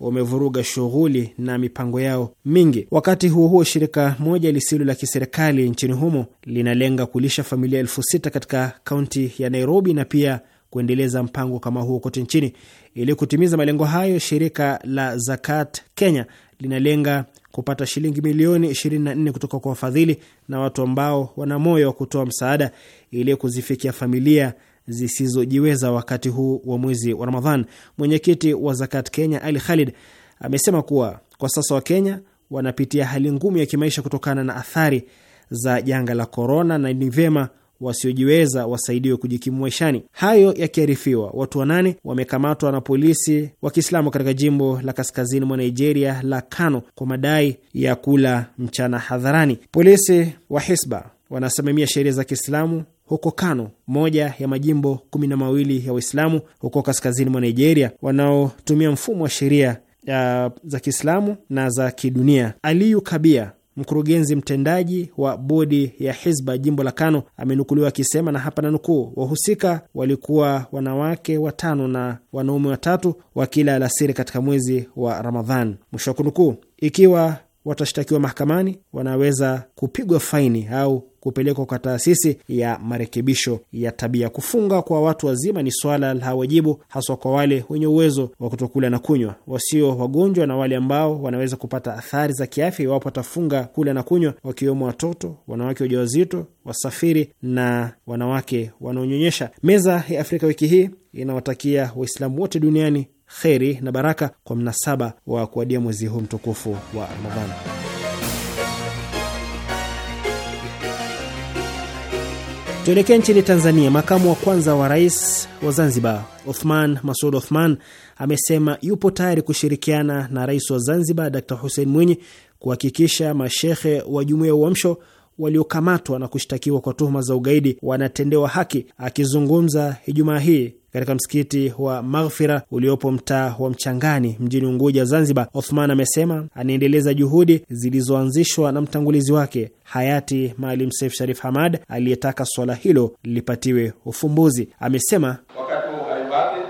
wamevuruga shughuli na mipango yao mingi. Wakati huo huo, shirika moja lisilo la kiserikali nchini humo linalenga kulisha familia elfu sita katika kaunti ya Nairobi na pia kuendeleza mpango kama huo kote nchini. Ili kutimiza malengo hayo, shirika la Zakat Kenya linalenga kupata shilingi milioni 24 kutoka kwa wafadhili na watu ambao wana moyo wa kutoa msaada ili kuzifikia familia zisizojiweza wakati huu wa mwezi wa Ramadhan. Mwenyekiti wa Zakat Kenya Ali Khalid amesema kuwa kwa sasa Wakenya wanapitia hali ngumu ya kimaisha kutokana na athari za janga la korona, na ni vyema wasiojiweza wasaidiwe kujikimu maishani. Hayo yakiarifiwa, watu wanane wamekamatwa na polisi wa Kiislamu katika jimbo la kaskazini mwa Nigeria la Kano kwa madai ya kula mchana hadharani. Polisi wa Hisba wanasimamia sheria za Kiislamu huko Kano, moja ya majimbo kumi na mawili ya Waislamu huko kaskazini mwa Nigeria wanaotumia mfumo wa sheria uh, za Kiislamu na za kidunia. Aliyu Kabia, mkurugenzi mtendaji wa bodi ya Hizba jimbo la Kano, amenukuliwa akisema, na hapa nanukuu, wahusika walikuwa wanawake watano na wanaume watatu wa kila alasiri katika mwezi wa Ramadhan, mwisho wa kunukuu. Ikiwa watashtakiwa mahakamani, wanaweza kupigwa faini au kupelekwa kwa taasisi ya marekebisho ya tabia. Kufunga kwa watu wazima ni swala la wajibu, haswa kwa wale wenye uwezo wa kutokula na kunywa, wasio wagonjwa na wale ambao wanaweza kupata athari za kiafya iwapo watafunga kula na kunywa, wakiwemo watoto, wanawake wajawazito, wasafiri na wanawake wanaonyonyesha. Meza ya Afrika wiki hii inawatakia Waislamu wote duniani kheri na baraka kwa mnasaba wa kuadia mwezi huu mtukufu wa Ramadhani. Tuelekee nchini Tanzania. Makamu wa kwanza wa rais wa Zanzibar Othman Masud Othman amesema yupo tayari kushirikiana na rais wa Zanzibar Dr Hussein Mwinyi kuhakikisha mashehe wa Jumuiya ya Uamsho waliokamatwa na kushtakiwa kwa tuhuma za ugaidi wanatendewa haki. Akizungumza Ijumaa hii katika msikiti wa Maghfira uliopo mtaa wa Mchangani mjini Unguja, Zanzibar, Othman amesema anaendeleza juhudi zilizoanzishwa na mtangulizi wake hayati Maalim Seif Sharif Hamad aliyetaka swala hilo lipatiwe ufumbuzi. Amesema wakati wa uhai wake,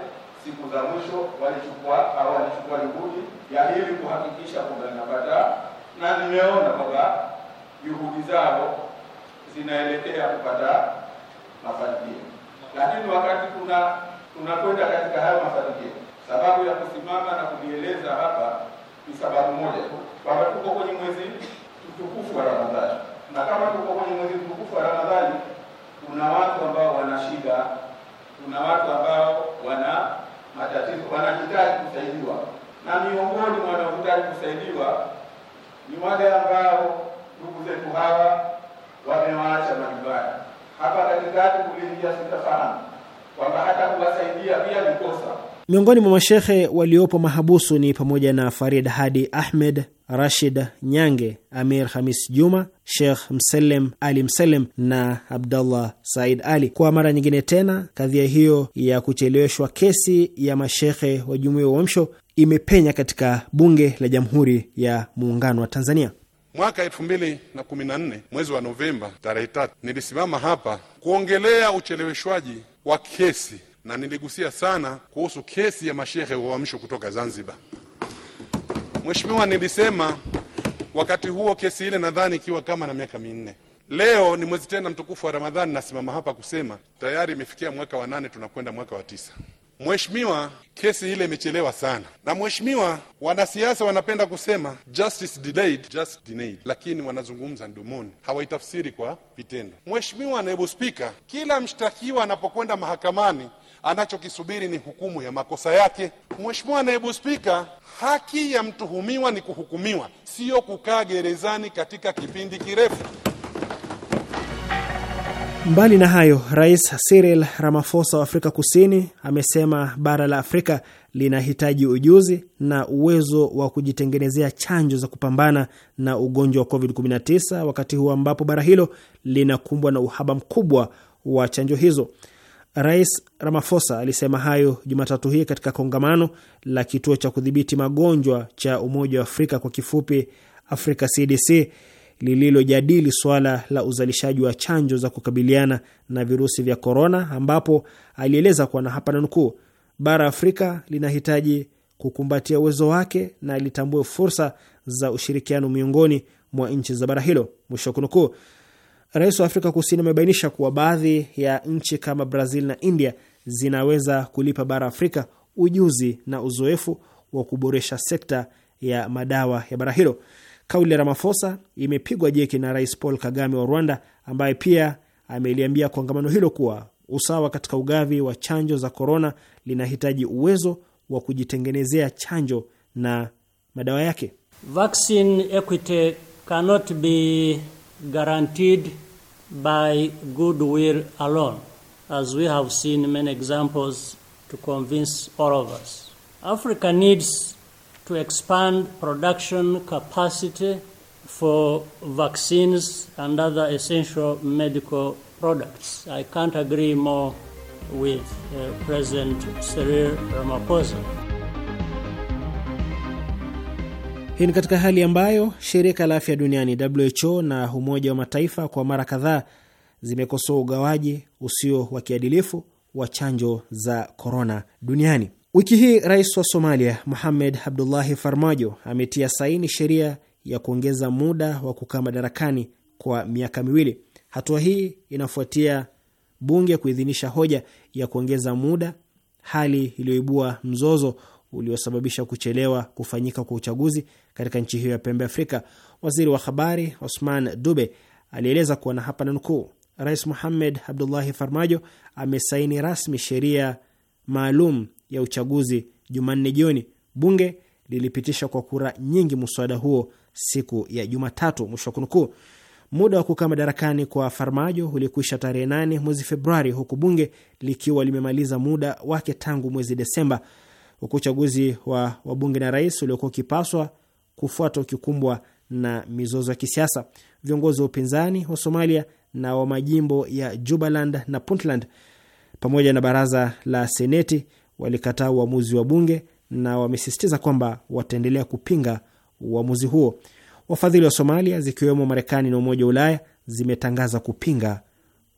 siku za mwisho walichukua au walichukua juhudi ya kuhakikisha kwamba linapata na nimeona juhudi zao zinaelekea kupata mafanikio, lakini wakati kuna tunakwenda katika hayo mafanikio, sababu ya kusimama na kulieleza hapa ni sababu moja tu kwamba tuko kwenye mwezi mtukufu wa Ramadhani, na kama tuko kwenye mwezi mtukufu wa Ramadhani, kuna watu ambao wana shida, kuna watu ambao wana matatizo, wanahitaji kusaidiwa, na miongoni mwa wanaohitaji kusaidiwa ni wale ambao ndugu zetu hawa wamewaacha majumbani. Hapa katikati kuliingia sitafahamu kwamba hata kuwasaidia pia ni kosa. Miongoni mwa mashehe waliopo mahabusu ni pamoja na Farid Hadi Ahmed, Rashid Nyange, Amir Hamis Juma, Sheikh Mselem Ali Mselem na Abdallah Said Ali. Kwa mara nyingine tena, kadhia hiyo ya kucheleweshwa kesi ya mashehe wa jumuiya wa Uamsho imepenya katika bunge la Jamhuri ya Muungano wa Tanzania. Mwaka elfu mbili na kumi na nne mwezi wa Novemba tarehe tatu nilisimama hapa kuongelea ucheleweshwaji wa kesi na niligusia sana kuhusu kesi ya mashehe wa Uamsho kutoka Zanzibar. Mheshimiwa, nilisema wakati huo kesi ile nadhani ikiwa kama na miaka minne. Leo ni mwezi tena mtukufu wa Ramadhani, nasimama hapa kusema tayari imefikia mwaka wa nane, tunakwenda mwaka wa tisa. Mheshimiwa, kesi ile imechelewa sana. Na mheshimiwa, wanasiasa wanapenda kusema justice delayed, denied, lakini wanazungumza mdomoni, hawaitafsiri kwa vitendo. Mheshimiwa Naibu Spika, kila mshtakiwa anapokwenda mahakamani anachokisubiri ni hukumu ya makosa yake. Mheshimiwa Naibu Spika, haki ya mtuhumiwa ni kuhukumiwa, sio kukaa gerezani katika kipindi kirefu. Mbali na hayo, Rais Cyril Ramaphosa wa Afrika Kusini amesema bara la Afrika linahitaji ujuzi na uwezo wa kujitengenezea chanjo za kupambana na ugonjwa wa COVID-19 wakati huu ambapo bara hilo linakumbwa na uhaba mkubwa wa chanjo hizo. Rais Ramaphosa alisema hayo Jumatatu hii katika kongamano la kituo cha kudhibiti magonjwa cha Umoja wa Afrika kwa kifupi afrika CDC lililojadili swala la uzalishaji wa chanjo za kukabiliana na virusi vya korona, ambapo alieleza kuwa na hapa nanukuu, bara Afrika linahitaji kukumbatia uwezo wake na litambue fursa za ushirikiano miongoni mwa nchi za bara hilo, mwisho wa kunukuu. Rais wa Afrika Kusini amebainisha kuwa baadhi ya nchi kama Brazil na India zinaweza kulipa bara Afrika ujuzi na uzoefu wa kuboresha sekta ya madawa ya bara hilo. Kauli ya ramafosa imepigwa jeki na Rais Paul Kagame wa Rwanda, ambaye pia ameliambia kongamano hilo kuwa usawa katika ugavi wa chanjo za korona linahitaji uwezo wa kujitengenezea chanjo na madawa yake. Vaccine equity cannot be guaranteed by goodwill alone as we have seen many examples to convince all of us. Africa needs to expand production capacity for vaccines and other essential medical products. I can't agree more with uh, President Cyril Ramaphosa. Hii ni katika hali ambayo shirika la afya duniani WHO na Umoja wa Mataifa kwa mara kadhaa zimekosoa ugawaji usio wa kiadilifu wa chanjo za korona duniani. Wiki hii rais wa Somalia Mohamed Abdullahi Farmajo ametia saini sheria ya kuongeza muda wa kukaa madarakani kwa miaka miwili. Hatua hii inafuatia bunge kuidhinisha hoja ya kuongeza muda, hali iliyoibua mzozo uliosababisha kuchelewa kufanyika kwa uchaguzi katika nchi hiyo ya pembe Afrika. Waziri wa habari Osman Dube alieleza kuwa na hapa nanukuu, Rais Mohamed Abdullahi Farmajo amesaini rasmi sheria maalum ya uchaguzi Jumanne jioni. Bunge lilipitisha kwa kura nyingi mswada huo siku ya Jumatatu, mwisho wa kunukuu. Muda wa kukaa madarakani kwa Farmajo ulikuisha tarehe nane mwezi Februari, huku bunge likiwa limemaliza muda wake tangu mwezi Desemba, huku uchaguzi wa wabunge na rais uliokuwa ukipaswa kufuata ukikumbwa na mizozo ya kisiasa. Viongozi wa upinzani wa Somalia na wa majimbo ya Jubaland na Puntland pamoja na baraza la seneti walikataa uamuzi wa bunge na wamesisitiza kwamba wataendelea kupinga uamuzi huo. Wafadhili wa Somalia zikiwemo Marekani na Umoja wa Ulaya zimetangaza kupinga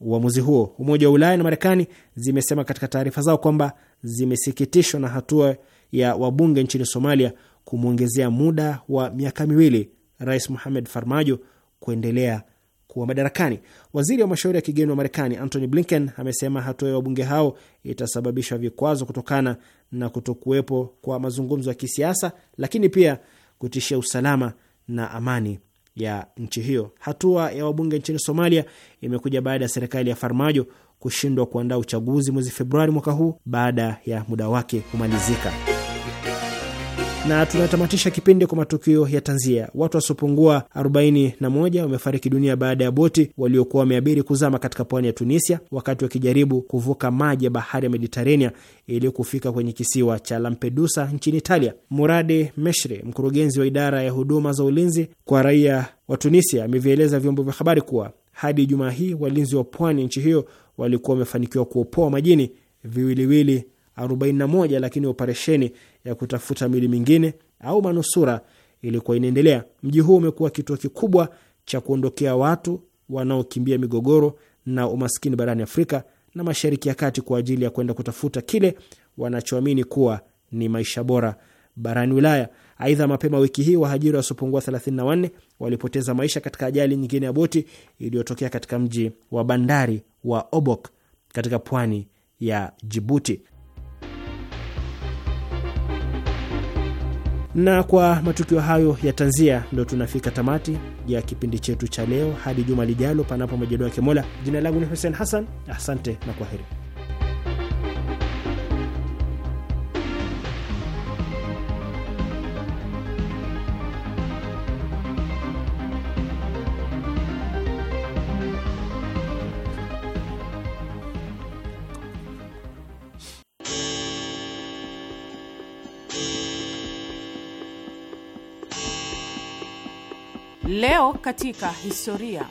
uamuzi huo. Umoja wa Ulaya na Marekani zimesema katika taarifa zao kwamba zimesikitishwa na hatua ya wabunge nchini Somalia kumwongezea muda wa miaka miwili Rais Mohamed Farmajo kuendelea kuwa madarakani. Waziri wa mashauri ya kigeni wa Marekani Antony Blinken amesema hatua ya wabunge hao itasababisha vikwazo kutokana na kutokuwepo kwa mazungumzo ya kisiasa, lakini pia kutishia usalama na amani ya nchi hiyo. Hatua ya wabunge nchini Somalia imekuja baada ya serikali ya Farmajo kushindwa kuandaa uchaguzi mwezi Februari mwaka huu baada ya muda wake kumalizika. Na tunatamatisha kipindi kwa matukio ya tanzia. Watu wasiopungua 41 wamefariki dunia baada ya boti waliokuwa wameabiri kuzama katika pwani ya Tunisia wakati wakijaribu kuvuka maji ya bahari ya Mediterania ili kufika kwenye kisiwa cha Lampedusa nchini Italia. Muradi Meshri, mkurugenzi wa idara ya huduma za ulinzi kwa raia wa Tunisia, amevieleza vyombo vya habari kuwa hadi Ijumaa hii walinzi wa pwani nchi hiyo walikuwa wamefanikiwa kuopoa majini viwiliwili 41 lakini operesheni ya kutafuta mili mingine au manusura ilikuwa inaendelea. Mji huo umekuwa kituo kikubwa cha kuondokea watu wanaokimbia migogoro na umaskini barani Afrika na Mashariki ya Kati kwa ajili ya kwenda kutafuta kile wanachoamini kuwa ni maisha bora barani Ulaya. Aidha, mapema wiki hii wahajiri wasiopungua 34 walipoteza maisha katika ajali nyingine ya boti iliyotokea katika mji wa bandari wa Obok katika pwani ya Jibuti. Na kwa matukio hayo ya tanzia, ndo tunafika tamati ya kipindi chetu cha leo. Hadi juma lijalo, panapo majaliwa ya Mola. Jina langu ni Hussein Hassan, asante na kwaheri. Leo katika historia.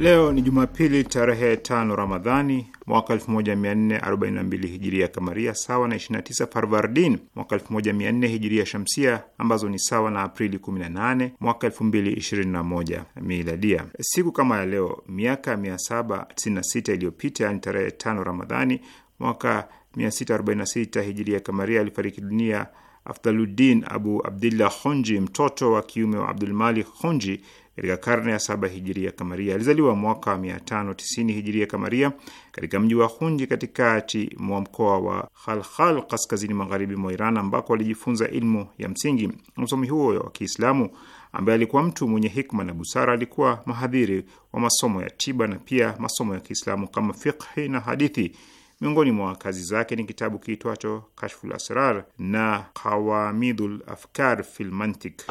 Leo ni Jumapili tarehe tano Ramadhani mwaka 1442 hijiria kamaria, sawa na 29 Farvardin mwaka 1400 hijiria shamsia, ambazo ni sawa na Aprili 18 mwaka 2021 miladia. Siku kama ya leo miaka 796 iliyopita, yani tarehe tano Ramadhani mwaka 646 hijiria kamaria, alifariki dunia Afdaluddin Abu Abdillah Khonji, mtoto wa kiume wa Abdulmalik Khonji katika karne ya saba hijiria kamaria. Alizaliwa mwaka 590 hijiria kamaria katika mji wa Hunji katikati mwa mkoa wa Khalkhal kaskazini magharibi mwa Iran, ambako alijifunza ilmu ya msingi. Msomi huo wa Kiislamu ambaye alikuwa mtu mwenye hikma na busara, alikuwa mahadhiri wa masomo ya tiba na pia masomo ya Kiislamu kama fiqhi na hadithi. Miongoni mwa kazi zake ni kitabu kiitwacho Kashful Asrar na Qawamidul Afkar fil Mantik.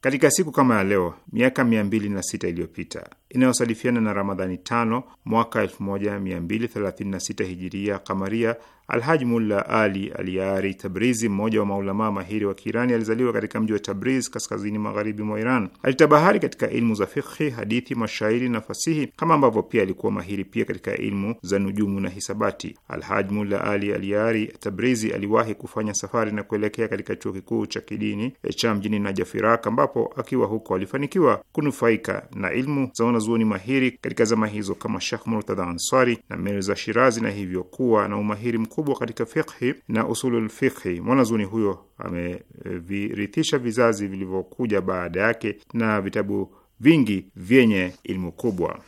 Katika siku kama ya leo miaka mia mbili na sita iliyopita inayosalifiana na Ramadhani tano mwaka 1236 hijiria kamaria, Alhaji Mulla Ali Aliari Tabrizi, mmoja wa maulamaa mahiri wa Kiirani, alizaliwa katika mji wa Tabriz, kaskazini magharibi mwa Iran. Alitabahari katika ilmu za fikhi, hadithi, mashairi na fasihi, kama ambavyo pia alikuwa mahiri pia katika ilmu za nujumu na hisabati. Alhaj Mulla Ali Aliari Tabrizi aliwahi kufanya safari na kuelekea katika chuo kikuu cha kidini cha mjini najafirak ambapo akiwa huko alifanikiwa kunufaika na ilmu za wanazuoni mahiri katika zama hizo kama Shekh Murtadha Ansari na Mirza Shirazi, na hivyo kuwa na umahiri mkubwa katika fiqhi na usulul fiqhi. Mwanazuoni huyo amevirithisha vizazi vilivyokuja baada yake na vitabu vingi vyenye ilmu kubwa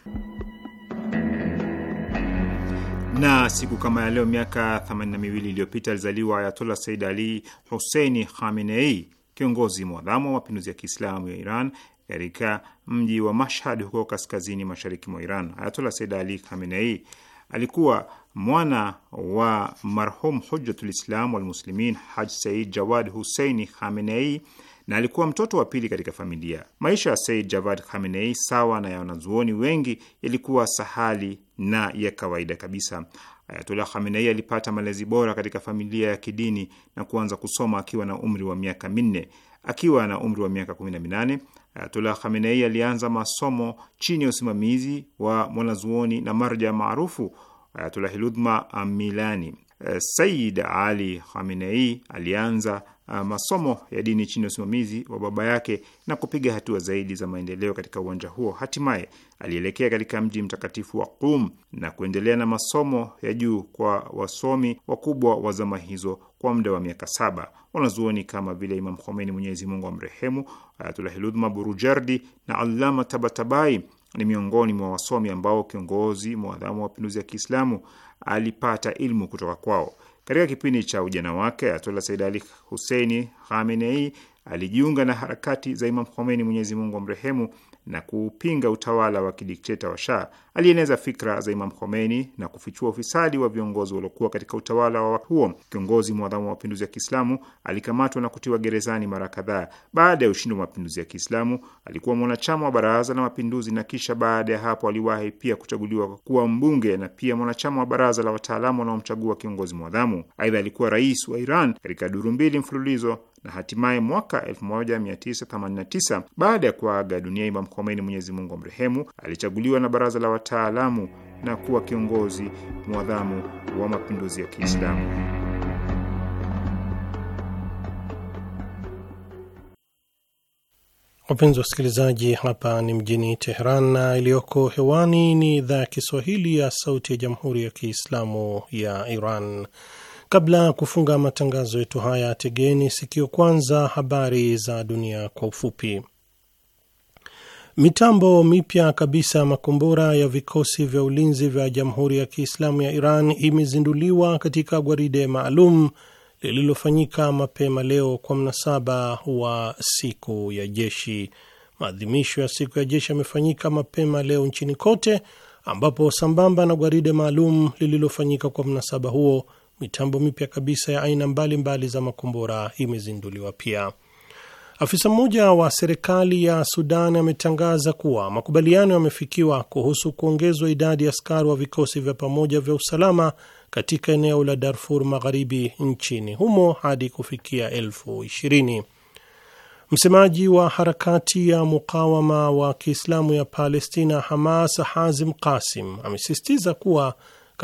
na siku kama ya leo miaka 82 na miwili iliyopita alizaliwa Ayatollah Said Ali Huseini Khamenei, kiongozi mwadhamu wa mapinduzi ya Kiislamu ya Iran katika mji wa Mashhad huko kaskazini mashariki mwa Iran. Ayatola Said Ali Khamenei alikuwa mwana wa marhum Hujjatul Islam wal Muslimin Haj Said Jawad Huseini Khamenei na alikuwa mtoto wa pili katika familia. Maisha ya Said Javad Khamenei, sawa na ya wanazuoni wengi, yalikuwa sahali na ya kawaida kabisa. Ayatullah Khamenei alipata malezi bora katika familia ya kidini na kuanza kusoma akiwa na umri wa miaka minne. Akiwa na umri wa miaka kumi na minane Ayatullah Khamenei alianza masomo chini ya usimamizi wa mwanazuoni na marja maarufu Ayatullah Hiludhma Milani. Eh, Sayyid Ali Khamenei alianza Uh, masomo ya dini chini ya usimamizi wa baba yake na kupiga hatua zaidi za maendeleo katika uwanja huo. Hatimaye alielekea katika mji mtakatifu wa Qum na kuendelea na masomo ya juu kwa wasomi wakubwa wa zama hizo kwa muda wa miaka saba. Wanazuoni kama vile Imam Khomeini, Mwenyezi Mungu amrehemu, Ayatullah Ludhma Burujardi na Allama Tabatabai ni miongoni mwa wasomi ambao kiongozi mwadhamu wa mapinduzi ya Kiislamu alipata ilmu kutoka kwao. Katika kipindi cha ujana wake Atola Said Ali Huseini Khamenei alijiunga na harakati za Imam Khomeini, Mwenyezi Mungu amrehemu, na kuupinga utawala wa kidikteta wa Shah. Alieneza fikra za Imam Khomeini na kufichua ufisadi wa viongozi waliokuwa katika utawala wa huo. Kiongozi mwadhamu wa mapinduzi ya Kiislamu alikamatwa na kutiwa gerezani mara kadhaa. Baada ya ushindi wa mapinduzi ya Kiislamu alikuwa mwanachama wa baraza la mapinduzi, na kisha baada ya hapo aliwahi pia kuchaguliwa kuwa mbunge na pia mwanachama wa baraza la wataalamu wanaomchagua kiongozi mwadhamu. Aidha, alikuwa rais wa Iran katika duru mbili mfululizo na hatimaye mwaka 1989 baada ya kuaga dunia Imam Khomeini, Mwenyezi Mungu amrehemu, alichaguliwa na baraza la wataalamu na kuwa kiongozi mwadhamu wa mapinduzi ya Kiislamu. Wapenzi wa wasikilizaji, hapa ni mjini Teheran na iliyoko hewani ni idhaa ya Kiswahili ya Sauti ya Jamhuri ya Kiislamu ya Iran. Kabla ya kufunga matangazo yetu haya, tegeni sikio kwanza habari za dunia kwa ufupi. Mitambo mipya kabisa ya makombora ya vikosi vya ulinzi vya Jamhuri ya Kiislamu ya Iran imezinduliwa katika gwaride maalum lililofanyika mapema leo kwa mnasaba wa siku ya jeshi. Maadhimisho ya siku ya jeshi yamefanyika mapema leo nchini kote, ambapo sambamba na gwaride maalum lililofanyika kwa mnasaba huo mitambo mipya kabisa ya aina mbalimbali mbali za makombora imezinduliwa pia. Afisa mmoja wa serikali ya Sudan ametangaza kuwa makubaliano yamefikiwa kuhusu kuongezwa idadi ya askari wa vikosi vya pamoja vya usalama katika eneo la Darfur Magharibi nchini humo hadi kufikia elfu ishirini. Msemaji wa harakati ya mukawama wa Kiislamu ya Palestina Hamas Hazim Qasim amesisitiza kuwa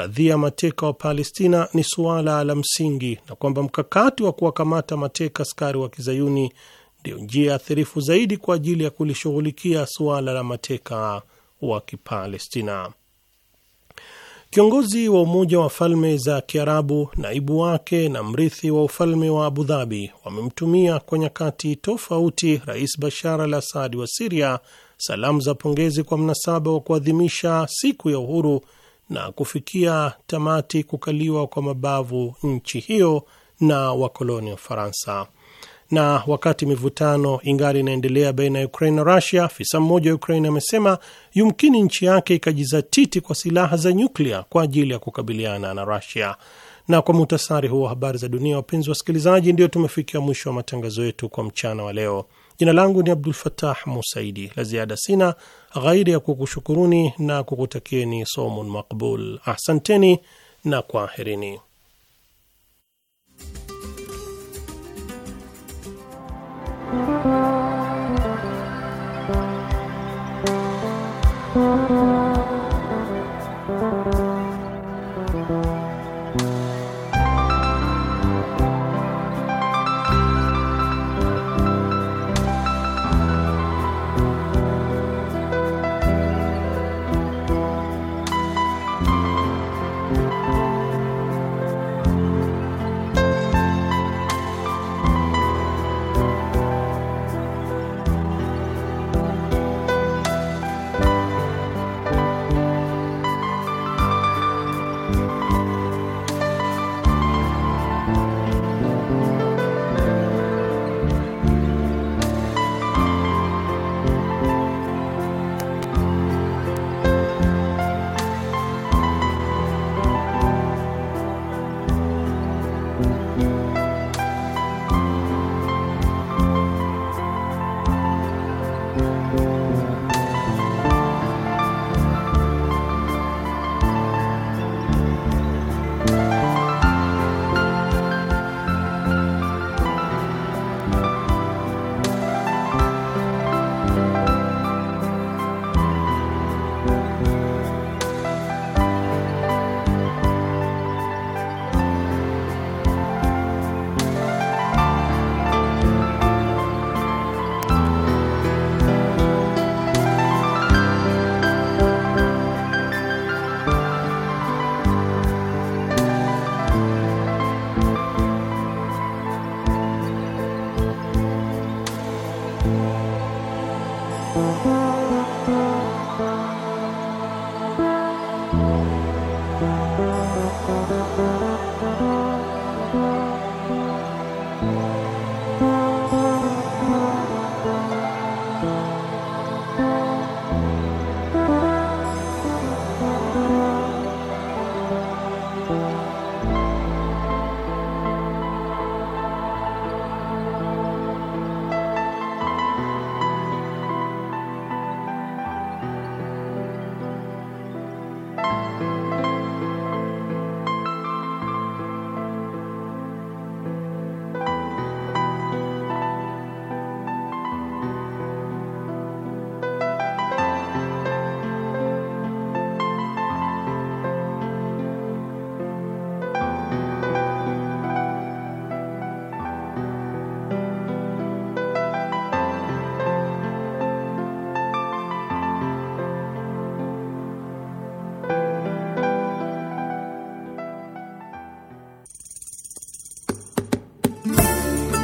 kadhia mateka wa Palestina ni suala la msingi na kwamba mkakati wa kuwakamata mateka askari wa kizayuni ndio njia athirifu zaidi kwa ajili ya kulishughulikia suala la mateka wa Kipalestina. Kiongozi wa Umoja wa Falme za Kiarabu, naibu wake na mrithi wa ufalme wa Abu Dhabi wamemtumia kwa nyakati tofauti Rais Bashar al Asadi wa Siria salamu za pongezi kwa mnasaba wa kuadhimisha siku ya uhuru na kufikia tamati kukaliwa kwa mabavu nchi hiyo na wakoloni wa Ufaransa. Na wakati mivutano ingali inaendelea baina ya Ukraine na Rusia, afisa mmoja wa Ukraine amesema yumkini nchi yake ikajizatiti kwa silaha za nyuklia kwa ajili ya kukabiliana na Rusia. Na kwa muhtasari huo habari za dunia, wapenzi wasikilizaji, ndio tumefikia mwisho wa matangazo yetu kwa mchana wa leo. Jina langu ni Abdul Fatah Musaidi. La ziada sina ghairi ya kukushukuruni na kukutakieni somun maqbul. Ahsanteni na kwaherini.